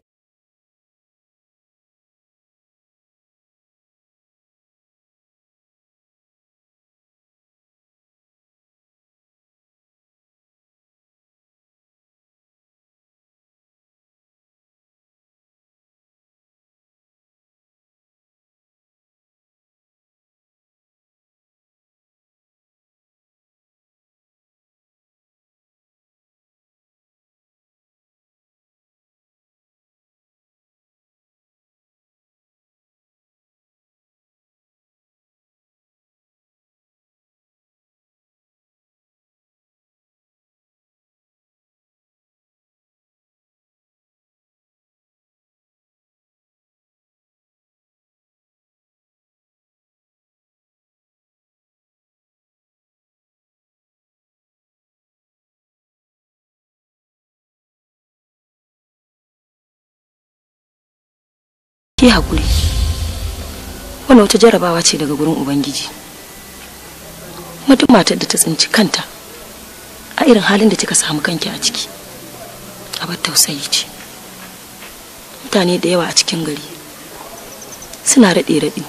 ki hakuri wannan wata jarabawa ce daga gurin ubangiji mutum matar da ta tsinci kanta a irin halin da kika samu kanki a ciki abar tausayi ce mutane da yawa a cikin gari suna raɗe raɗe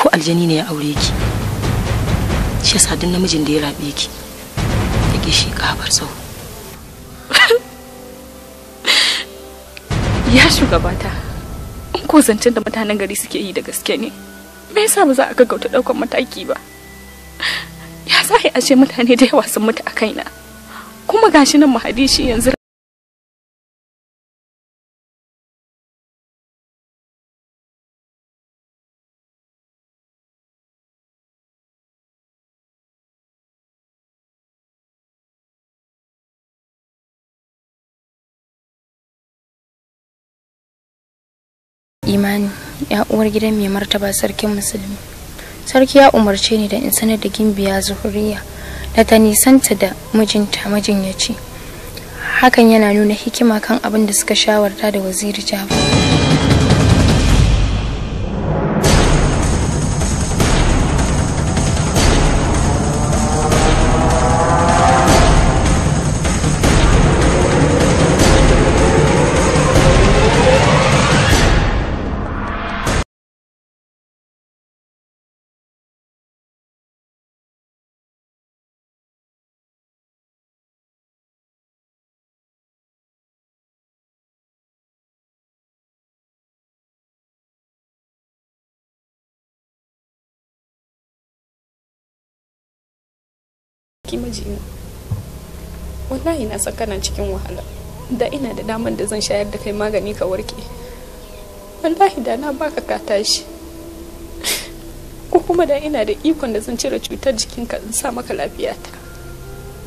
ko aljani ne ya aure ki shi yasa duk namijin da ya rabe ki ya ke shi kafar sau ya shugabata ko zancen da mutanen gari suke yi da gaske ne me yasa ba za a gaggauta daukan mataki ba ya za a ashe mutane da yawa sun mutu a kaina kuma gashi nan mahadishi yanzu imani ya uwar gidan mai martaba sarkin musulmi sarki ya umarce ni da in sanar da gimbiya zuhuriya da ta nisanta da mijinta majinyaci hakan yana nuna hikima kan abin da suka shawarta da waziri jafar ki mijina wallahi na san kana cikin wahala da ina da damar da zan shayar da kai magani ka warke wallahi da na baka ka tashi ko kuma da ina da ikon da zan cire cutar jikinka in sa maka lafiyata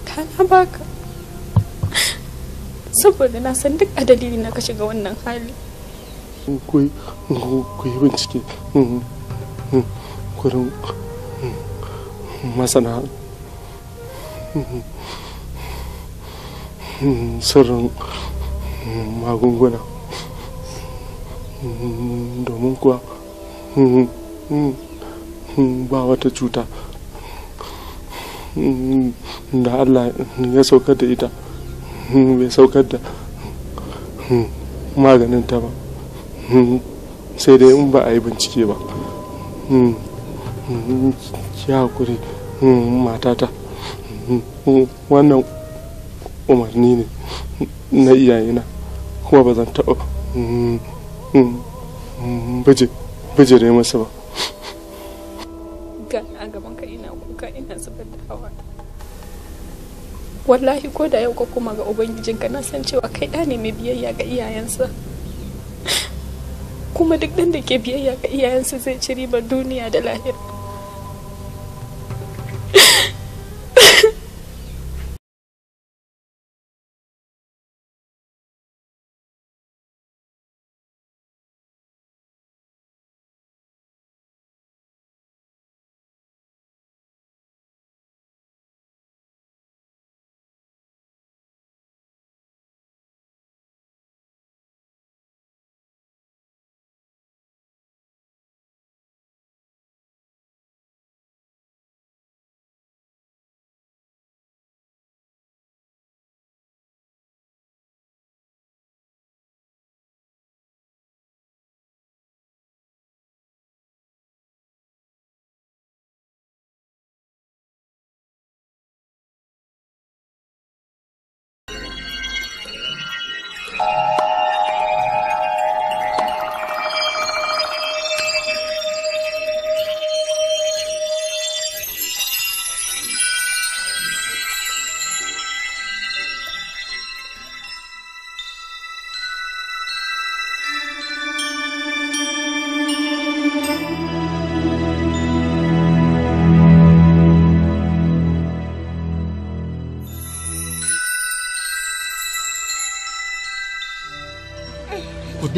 da na baka saboda na san duk a dalili na ka shiga wannan hali ku yi bincike kurin masana sirrin magunguna domin kuwa ba wata cuta da allah ya saukar da ita bai saukar da maganin ta ba sai dai in ba a yi bincike ba ki hakuri matata wannan umarni ne na iyayena kuma ba zan taɓa mm, mm, mm, bijire masa ba wallahi ko da yau ka kuma ga ubangijinka na san cewa kai ɗa ne mai biyayya ga iyayensa kuma duk ɗan da ke biyayya ga iyayensa zai ci ribar duniya da lahira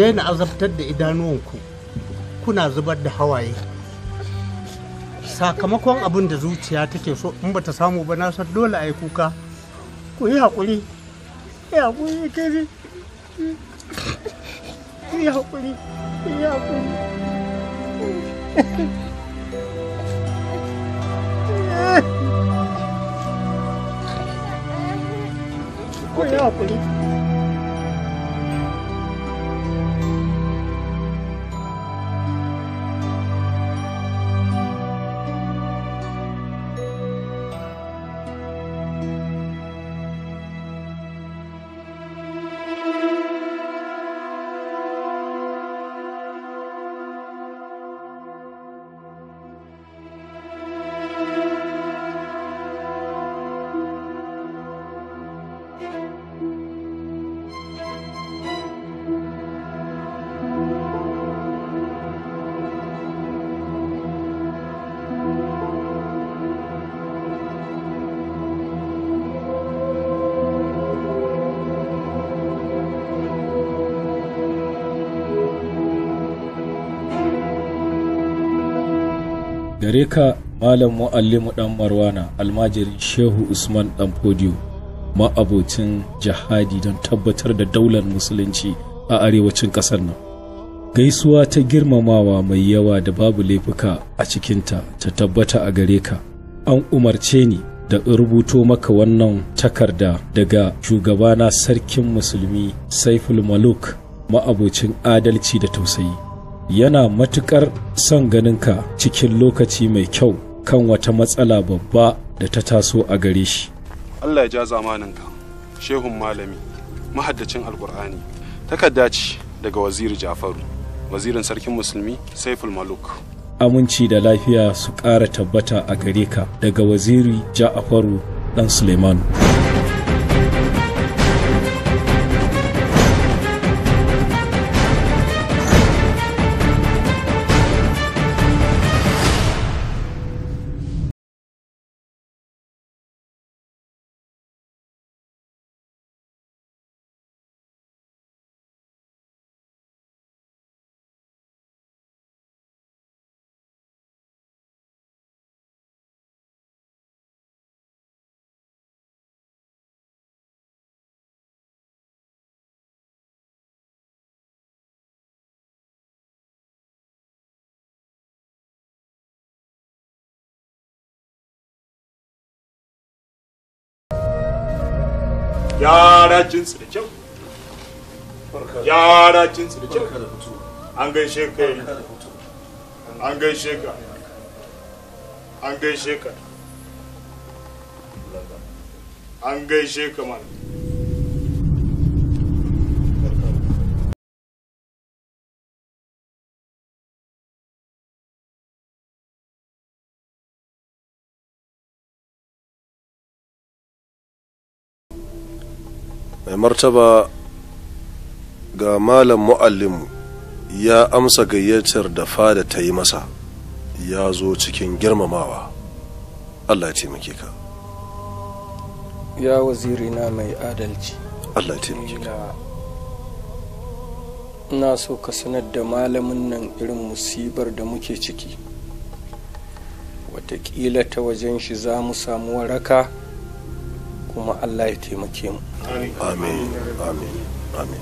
daina azabtar da idanuwanku kuna zubar da hawaye sakamakon abin da zuciya take so in ba ta samu ba na san dole a yi kuka ku yi haƙuri yi haƙuri kiri yi haƙuri yi haƙuri ku yi haƙuri gare ka malam mu'allimu dan marwana almajirin shehu usman dan ma ma'abocin jihadi don tabbatar da daular musulunci a arewacin ƙasar nan gaisuwa ta girmamawa mai yawa da babu laifuka a cikinta ta tabbata a gare ka an umarce ni da rubuto maka wannan takarda daga shugabana sarkin musulmi saiful maluk ma'abocin adalci da tausayi yana matuƙar son ganinka cikin lokaci mai kyau kan wata matsala babba da ta taso a gare shi. Allah ya ja zamaninka, shehun malami, mahaddacin alkur'ani, takarda ce daga waziri Jafaru, wazirin sarkin musulmi Saiful Maluk. Aminci da lafiya su ƙara tabbata a gare ka daga waziri Jafaru ɗan Suleiman. gyara cinsu da kyau gyara cinsu da kyau an gaishe ka an gaishe ka an gaishe ka an gaishe ka mana martaba ga malam mu'allim ya amsa gayyatar da fada ta yi masa ya zo cikin girmamawa allah ya taimake ka ya waziri na mai adalci allah ya taimake ka ina so ka sanar da malamin nan irin musibar da muke ciki wataƙila ta wajen shi za mu samu waraka kuma Allah ya taimake mu amin amin amin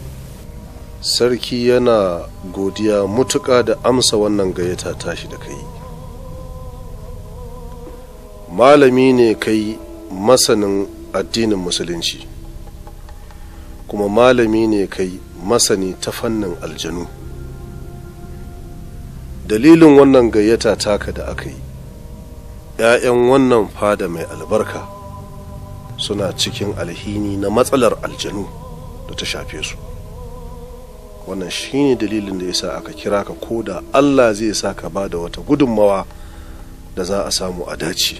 sarki yana godiya mutuƙa da amsa wannan gayyata tashi da kai malami ne kai masanin addinin musulunci kuma malami ne kai masani ta fannin aljanu dalilin wannan gayyata taka da aka yi ‘ya'yan wannan fada mai albarka suna cikin alhini na matsalar aljanu da ta shafe su wannan shine dalilin da yasa aka kira ka ko da allah zai sa ka ba da wata gudunmawa da za a samu a dace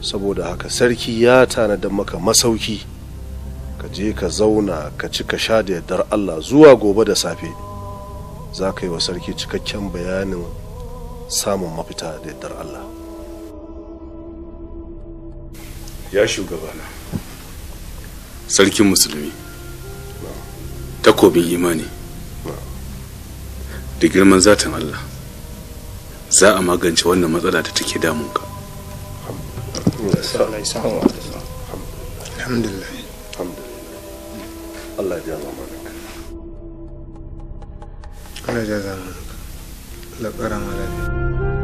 saboda haka sarki ya tanada maka masauki ka je ka zauna ka ci ka sha da yardar allah zuwa gobe da safe za ka yi wa sarki cikakken bayanin samun mafita da yardar allah ya shugabana sarkin musulmi takobin imani da girman zatin Allah za a magance wannan matsala ta take damunka alhamdulillah Allah ya zama malaka Allah ya zama malaka Allah ya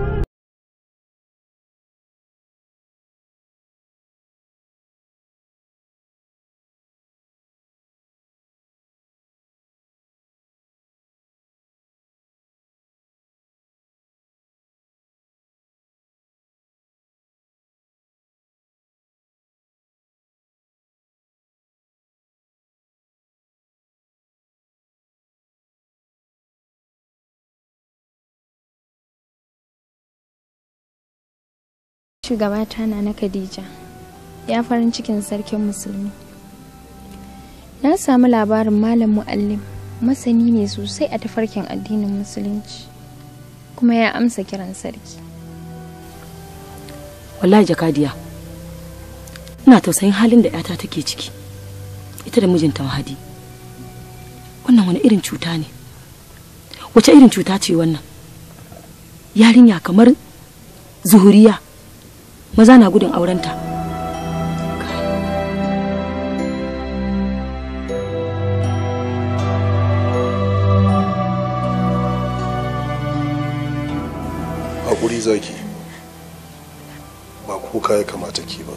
ta na na Khadija ya farin cikin sarkin musulmi. Na samu labarin Malam Mu'allim masani ne sosai a tafarkin addinin musulunci kuma ya amsa kiran sarki. Wallahi jakadiya, ina tausayin halin da 'yata take ciki, ita da mijinta mahadi Wannan wani irin cuta ne, wace irin cuta ce wannan? Yarinya kamar zuhuriya. maza na gudun aurenta hakuri zaki ba kuka ya kamata ki ba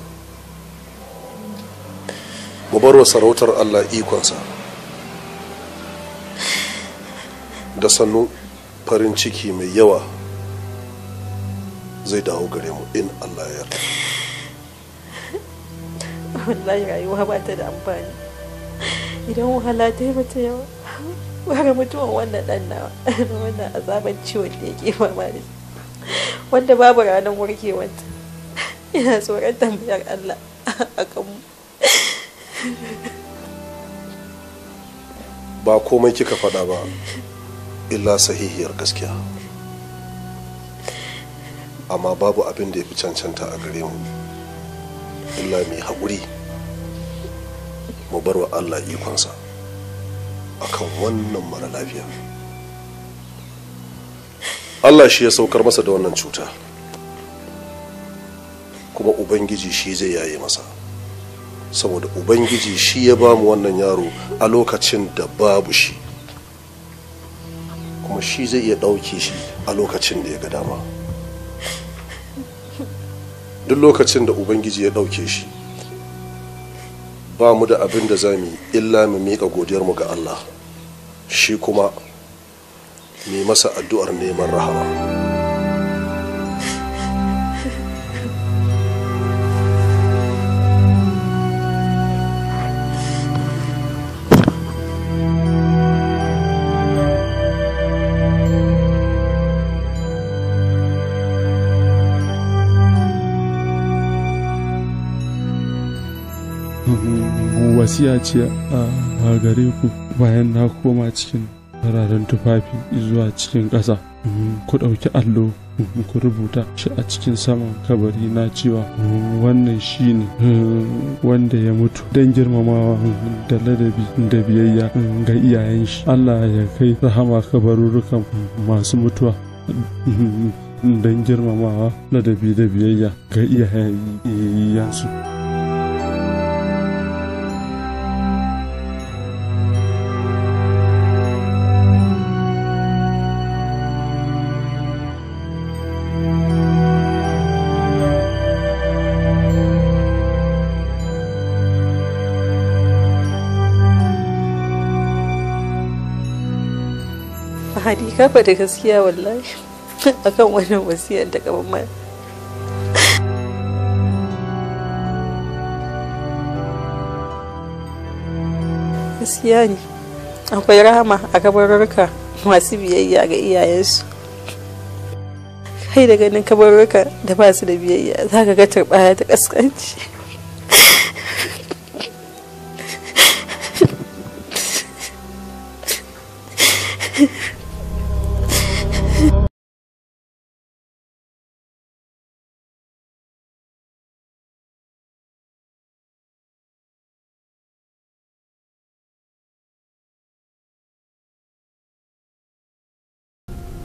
mu sarautar allah ikonsa da sannu farin ciki mai yawa zai dawo gare mu in Allah ya yarda wallahi rayuwa ba ta da amfani idan wahala ta yi mata yawa ware mutuwan wannan dan nawa wannan azaban ciwon da yake fama da wanda babu ranar warkewanta ina tsoron tambayar Allah a kanmu ba komai kika faɗa ba illa sahihiyar gaskiya amma babu abin da ya fi cancanta a gare mu illa mai haƙuri mu bar wa allah ikonsa akan wannan mara lafiya allah shi ya saukar masa da wannan cuta kuma ubangiji shi zai yaye masa saboda ubangiji shi ya ba mu wannan yaro a lokacin da babu shi kuma shi zai iya ɗauke shi a lokacin da ya ga dama. duk lokacin da ubangiji ya ɗauke shi ba mu da abin da za mu yi illa mu miƙa godiyarmu ga allah shi kuma mai masa addu'ar neman rahama. nasiya ce a gare ku bayan na koma cikin fararen tufafi zuwa cikin ƙasa mm, ku ɗauki allo mm, ku rubuta shi a cikin saman kabari na cewa mm, wannan shi ne wanda ya mutu don girmamawa da ladabi da biyayya ga iyayen shi allah ya kai rahama kabarurukan masu mutuwa don girmamawa ladabi da biyayya ga iyayen su kafa da gaskiya wallahi akan wannan wasiyar da gaban mai gaskiya ne akwai rahama a kabarurka masu biyayya ga iyayensu kai da ganin kabarurka da ba su da biyayya za ka ga turbaya ta kaskanci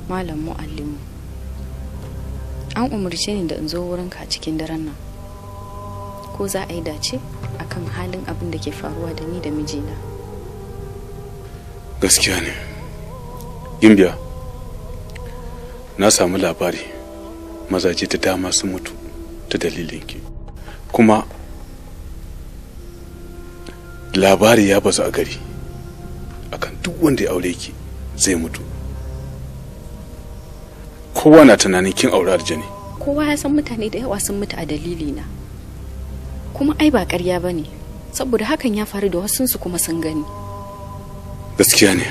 malam mu'allimu an umarce ni da in zo wurinka a cikin daren nan ko za a yi dace kan halin abin da ke faruwa da ni da mijina gaskiya ne gimbiya na samu labari mazaje ta dama su mutu ta dalilinki kuma labari ya bazu a gari akan duk wanda ya aure ki zai mutu kowa na tunanin kin aure aljani kowa ya san mutane da yawa sun mutu a dalili na kuma ai ba ƙarya ne saboda hakan ya faru da su kuma sun gani gaskiya ne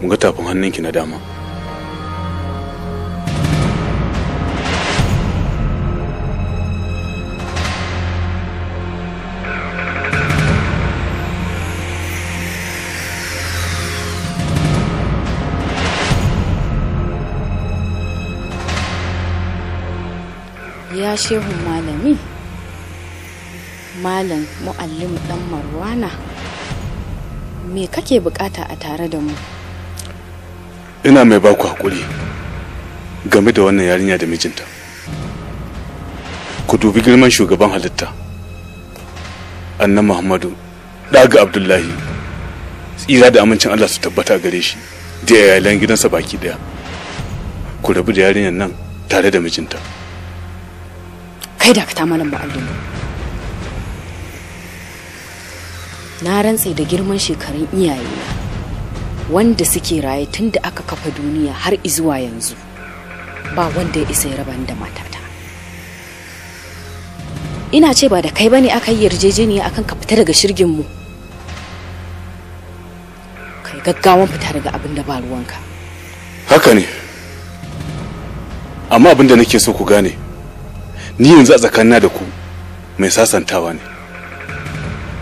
mu ga tafin hannunki na dama ya shehun malami malam mu'allim dan marwana me kake bukata a tare da mu ina mai baku hakuri game da wannan yarinya da mijinta ku dubi girman shugaban halitta annan muhammadu ɗaga abdullahi tsira da amincin allah su tabbata gare shi da yalan gidansa baki daya ku rabu da yarinyar nan tare da mijinta kai ka malam ba na rantse da girman shekarun iyaye wanda suke raye tun da aka kafa duniya har izuwa yanzu ba wanda ya isa ya raba da matata ina ce ba da kai bane aka yi yarjejeniya akan ka fita daga shirgin mu kai gaggawan fita daga abin da ba ruwanka haka ne amma abin da nake so ku gane ni yanzu a na da ku mai sasantawa ne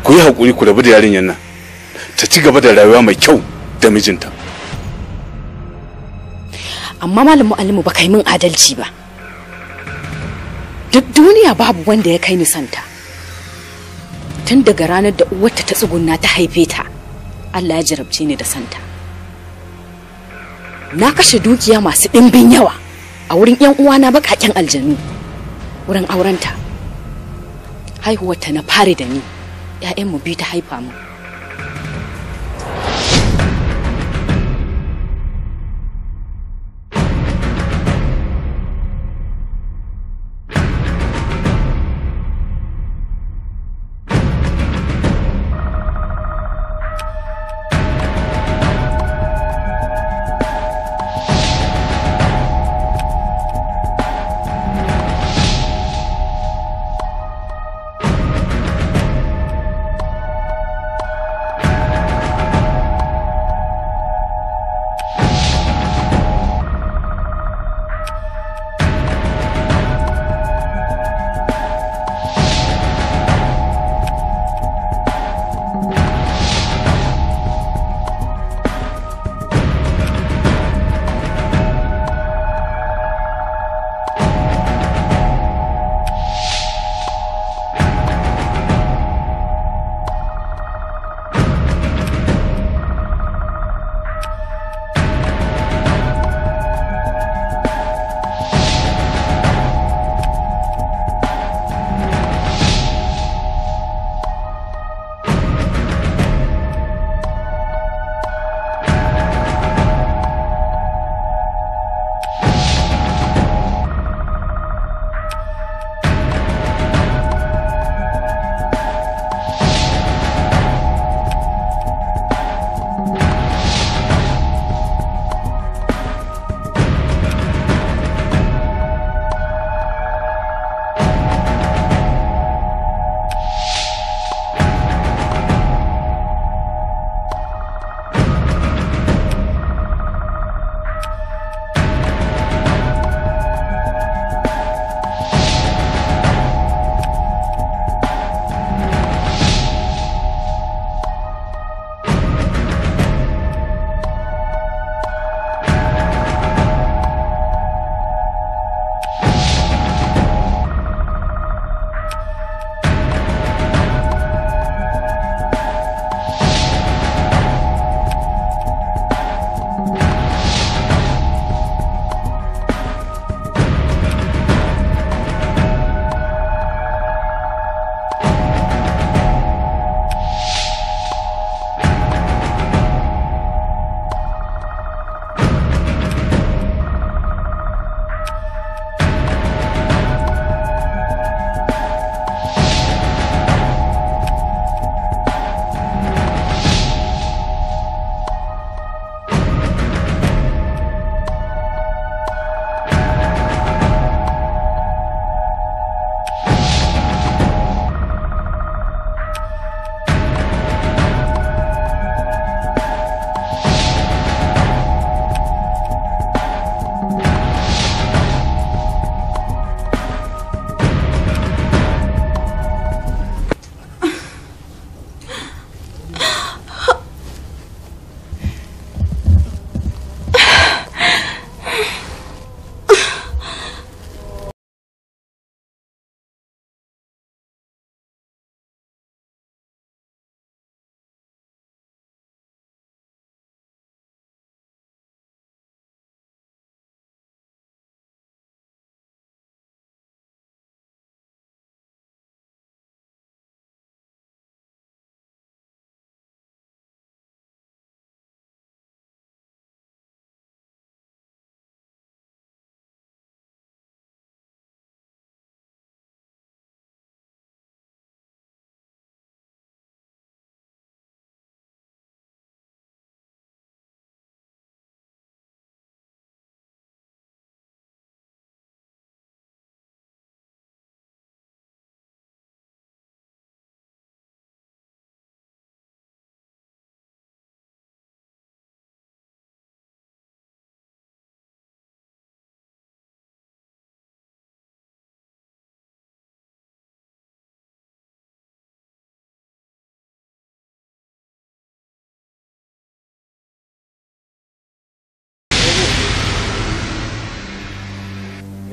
ku yi haƙuri ku rabu da yarinyar nan ta ci gaba da rayuwa mai kyau da mijinta amma malam mu'allimu ba kai min adalci ba duk duniya babu wanda ya kai ni santa tun daga ranar da uwarta ta tsugunna ta haife ta Allah ya jarabce ni da santa na kashe dukiya masu ɗimbin yawa a wurin 'yan uwana baƙaƙen aljanu wurin aurenta haihuwarta na fari da ni 'ya'yanmu biyu ta haifa mu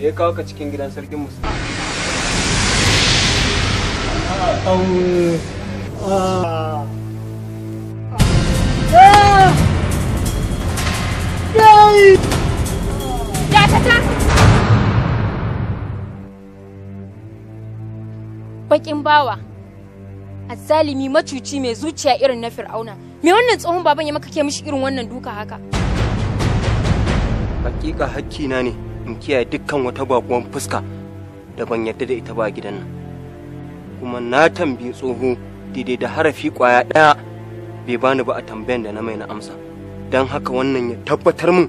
da ya kawo ka cikin gidan sarkin musulmi bakin bawa, a zalimi macuci mai zuciya irin na fir'auna, me wannan tsohon baban ya maka ke mishi irin wannan duka haka? Hakika hakkina ne. in kiyaye dukkan wata bakuwan fuska da ban yarda da ita ba gidan nan kuma na tambayi tsoho daidai da harafi kwaya ɗaya bai bani ba a tambayan da na mai na amsa don haka wannan ya tabbatar min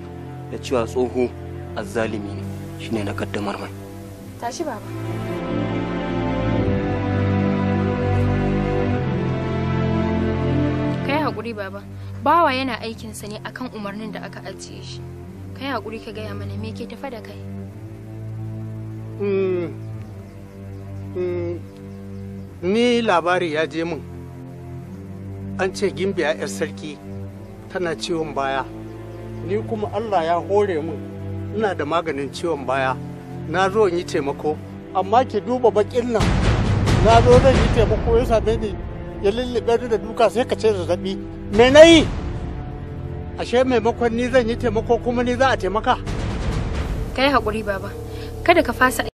da cewa tsoho azzalimi ne shine na kaddamar mai tashi baba kai hakuri baba bawa yana aikinsa ne akan umarnin da aka ajiye shi kai hakuri ka gaya mana me ke tafa da kai mm, mm, ni labari ya je min an ce gimbiya 'yar sarki tana ciwon baya ni kuma allah ya hore min ina da maganin ciwon baya na zo in yi taimako amma ki duba bakin nan na zo zan yi taimako ya same ni ya lullube da duka sai ka ce zazzabi me na yi ashe maimakon ni zan yi taimako kuma ni za a taimaka kai hakuri baba kada ka fasa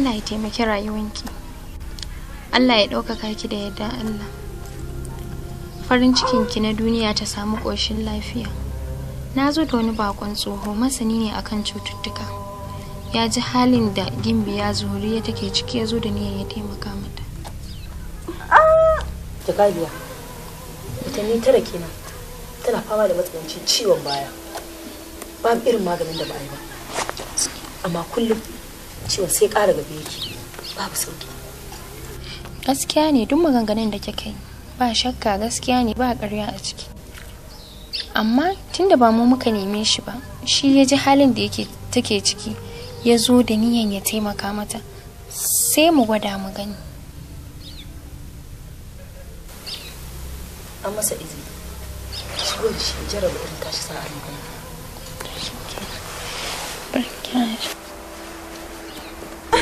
Allah ya taimaki rayuwanki Allah ya ɗaukaka ki da yadda Allah farin cikinki na duniya ta samu ƙoshin lafiya na zo da wani bakon tsoho masani ne akan cututtuka ya ji halin da gimbiya ya take ciki ya zo da niyan ya taimaka mata ah! jagabiya watanni tara kenan tana fama da matsanancin ciwon baya babu irin maganin da ba yi ba amma kullum cewa sai ƙara gabe yake babu sauki gaskiya ne duk maganganun da kika yi ba shakka gaskiya ne ba ƙarya a ciki amma tunda ba mu muka neme shi ba shi ya ji halin da yake take ciki ya zo da niyan ya taimaka mata sai mu gwada mu gani an masa izini shi shi tashi sa'ar Thank you.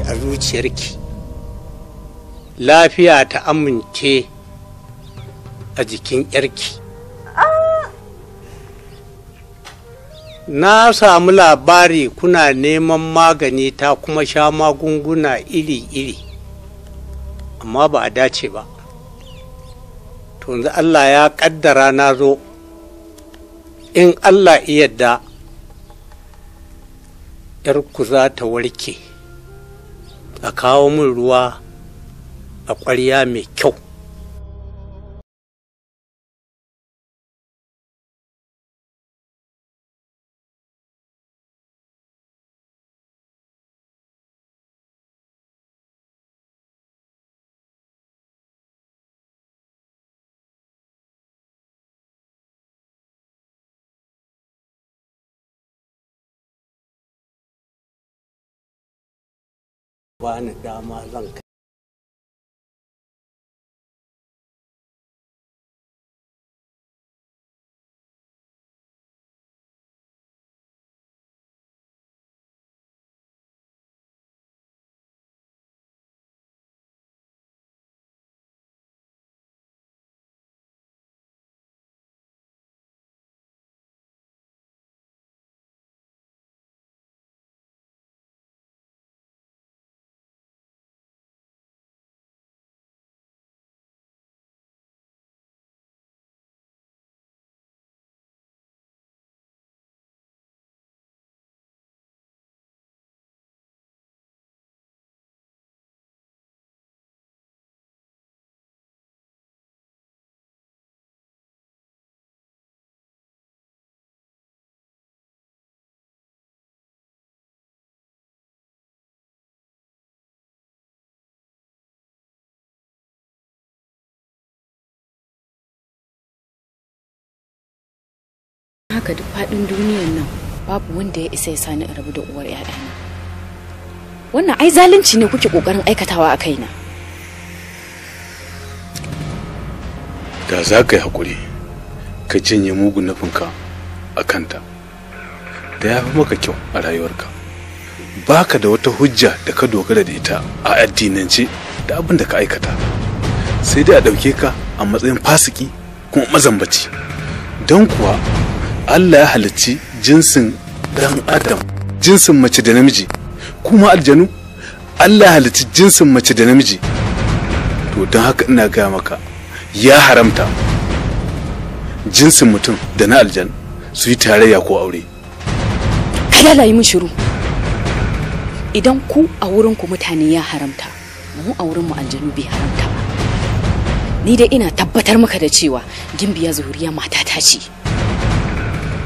a zuciyarki lafiya ta amince a jikin yarki na samu labari kuna neman magani ta kuma sha magunguna iri-iri amma ba a dace ba to yanzu allah ya kaddara na zo in allah iya da yarku za ta warke a kawo mun ruwa a ƙwarya mai kyau وانا دا ما ظنك haka duk faɗin duniyan nan babu wanda ya isa ya sani rabu da uwar ‘ya'yana. Wannan ai zalunci ne kuke ƙoƙarin aikatawa a kaina. Da za ka yi haƙuri, ka janye mugun nufinka a kanta. Da ya fi maka kyau a rayuwarka. ba ka da wata hujja da ka dogara da ita a addinance da abin da ka aikata. Sai dai a ɗauke ka a matsayin fasiki kuma mazambaci. Don kuwa Allah ya halicci jinsin dan adam jinsin mace da namiji kuma aljanu Allah ya halicci jinsin mace da namiji to don haka ina gaya maka ya haramta jinsin mutum da na aljan su yi tarayya ko aure la yi mun shiru idan ku a wurinku mutane ya haramta mu a wurin mu aljanu bai haramta ba ni dai ina tabbatar maka da cewa gimbiya zuhuriya ta ce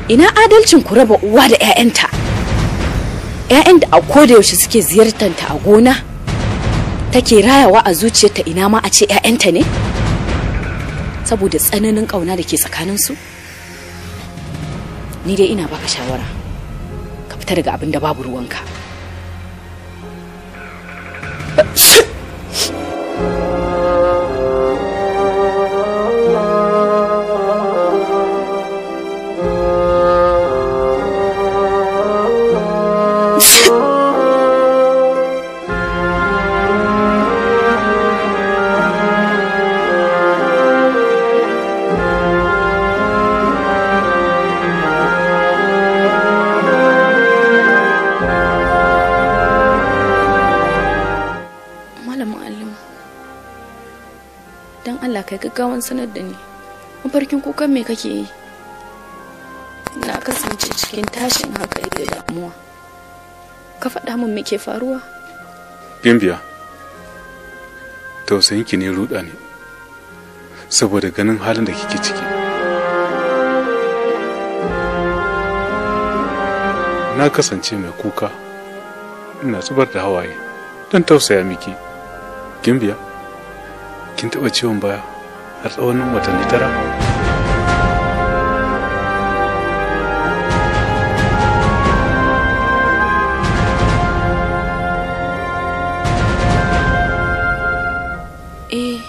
ina adalcin ku raba uwa da 'ya'yanta 'ya'yan da a koda yaushe suke ziyartanta a gona take rayawa a zuciyarta ina ma a ce 'ya'yanta ne saboda tsananin ƙauna da ke tsakaninsu ni dai ina baka shawara ka fita daga abin da babu ruwanka gaggawan sanar da ni mafarkin kukan me kake yi na kasance cikin tashin hankali da damuwa ka faɗa min me ke faruwa bimbiya tausayinki ne ruɗa ne saboda ganin halin da kike ciki na kasance mai kuka ina zubar da hawaye don tausaya miki gimbiya kin taɓa ciwon baya a tsawon watanni tara eh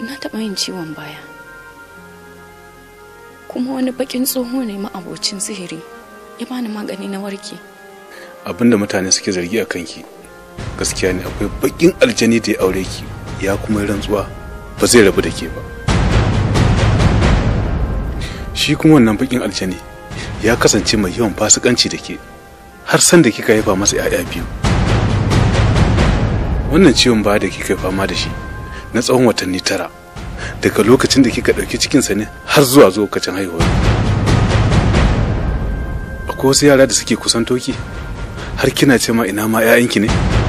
na taɓa yin ciwon baya kuma wani bakin tsoho ne ma'abocin sihiri ya bani magani na warke abinda mutane suke zargi a kanki gaskiya ne akwai bakin aljani da ya aure ki ya kuma yi rantsuwa ba zai rabu da ke ba shi kuma wannan bakin aljani ya kasance mai yawan fasikanci da ke har san da kika haifa masa 'ya'ya biyu wannan ciwon baya da kika fama da shi na tsawon watanni tara daga lokacin da kika ɗauki cikinsa ne har zuwa lokacin haihuwa akwai wasu yara da suke kusan toki har kina ce ina ma 'ya'yanki ne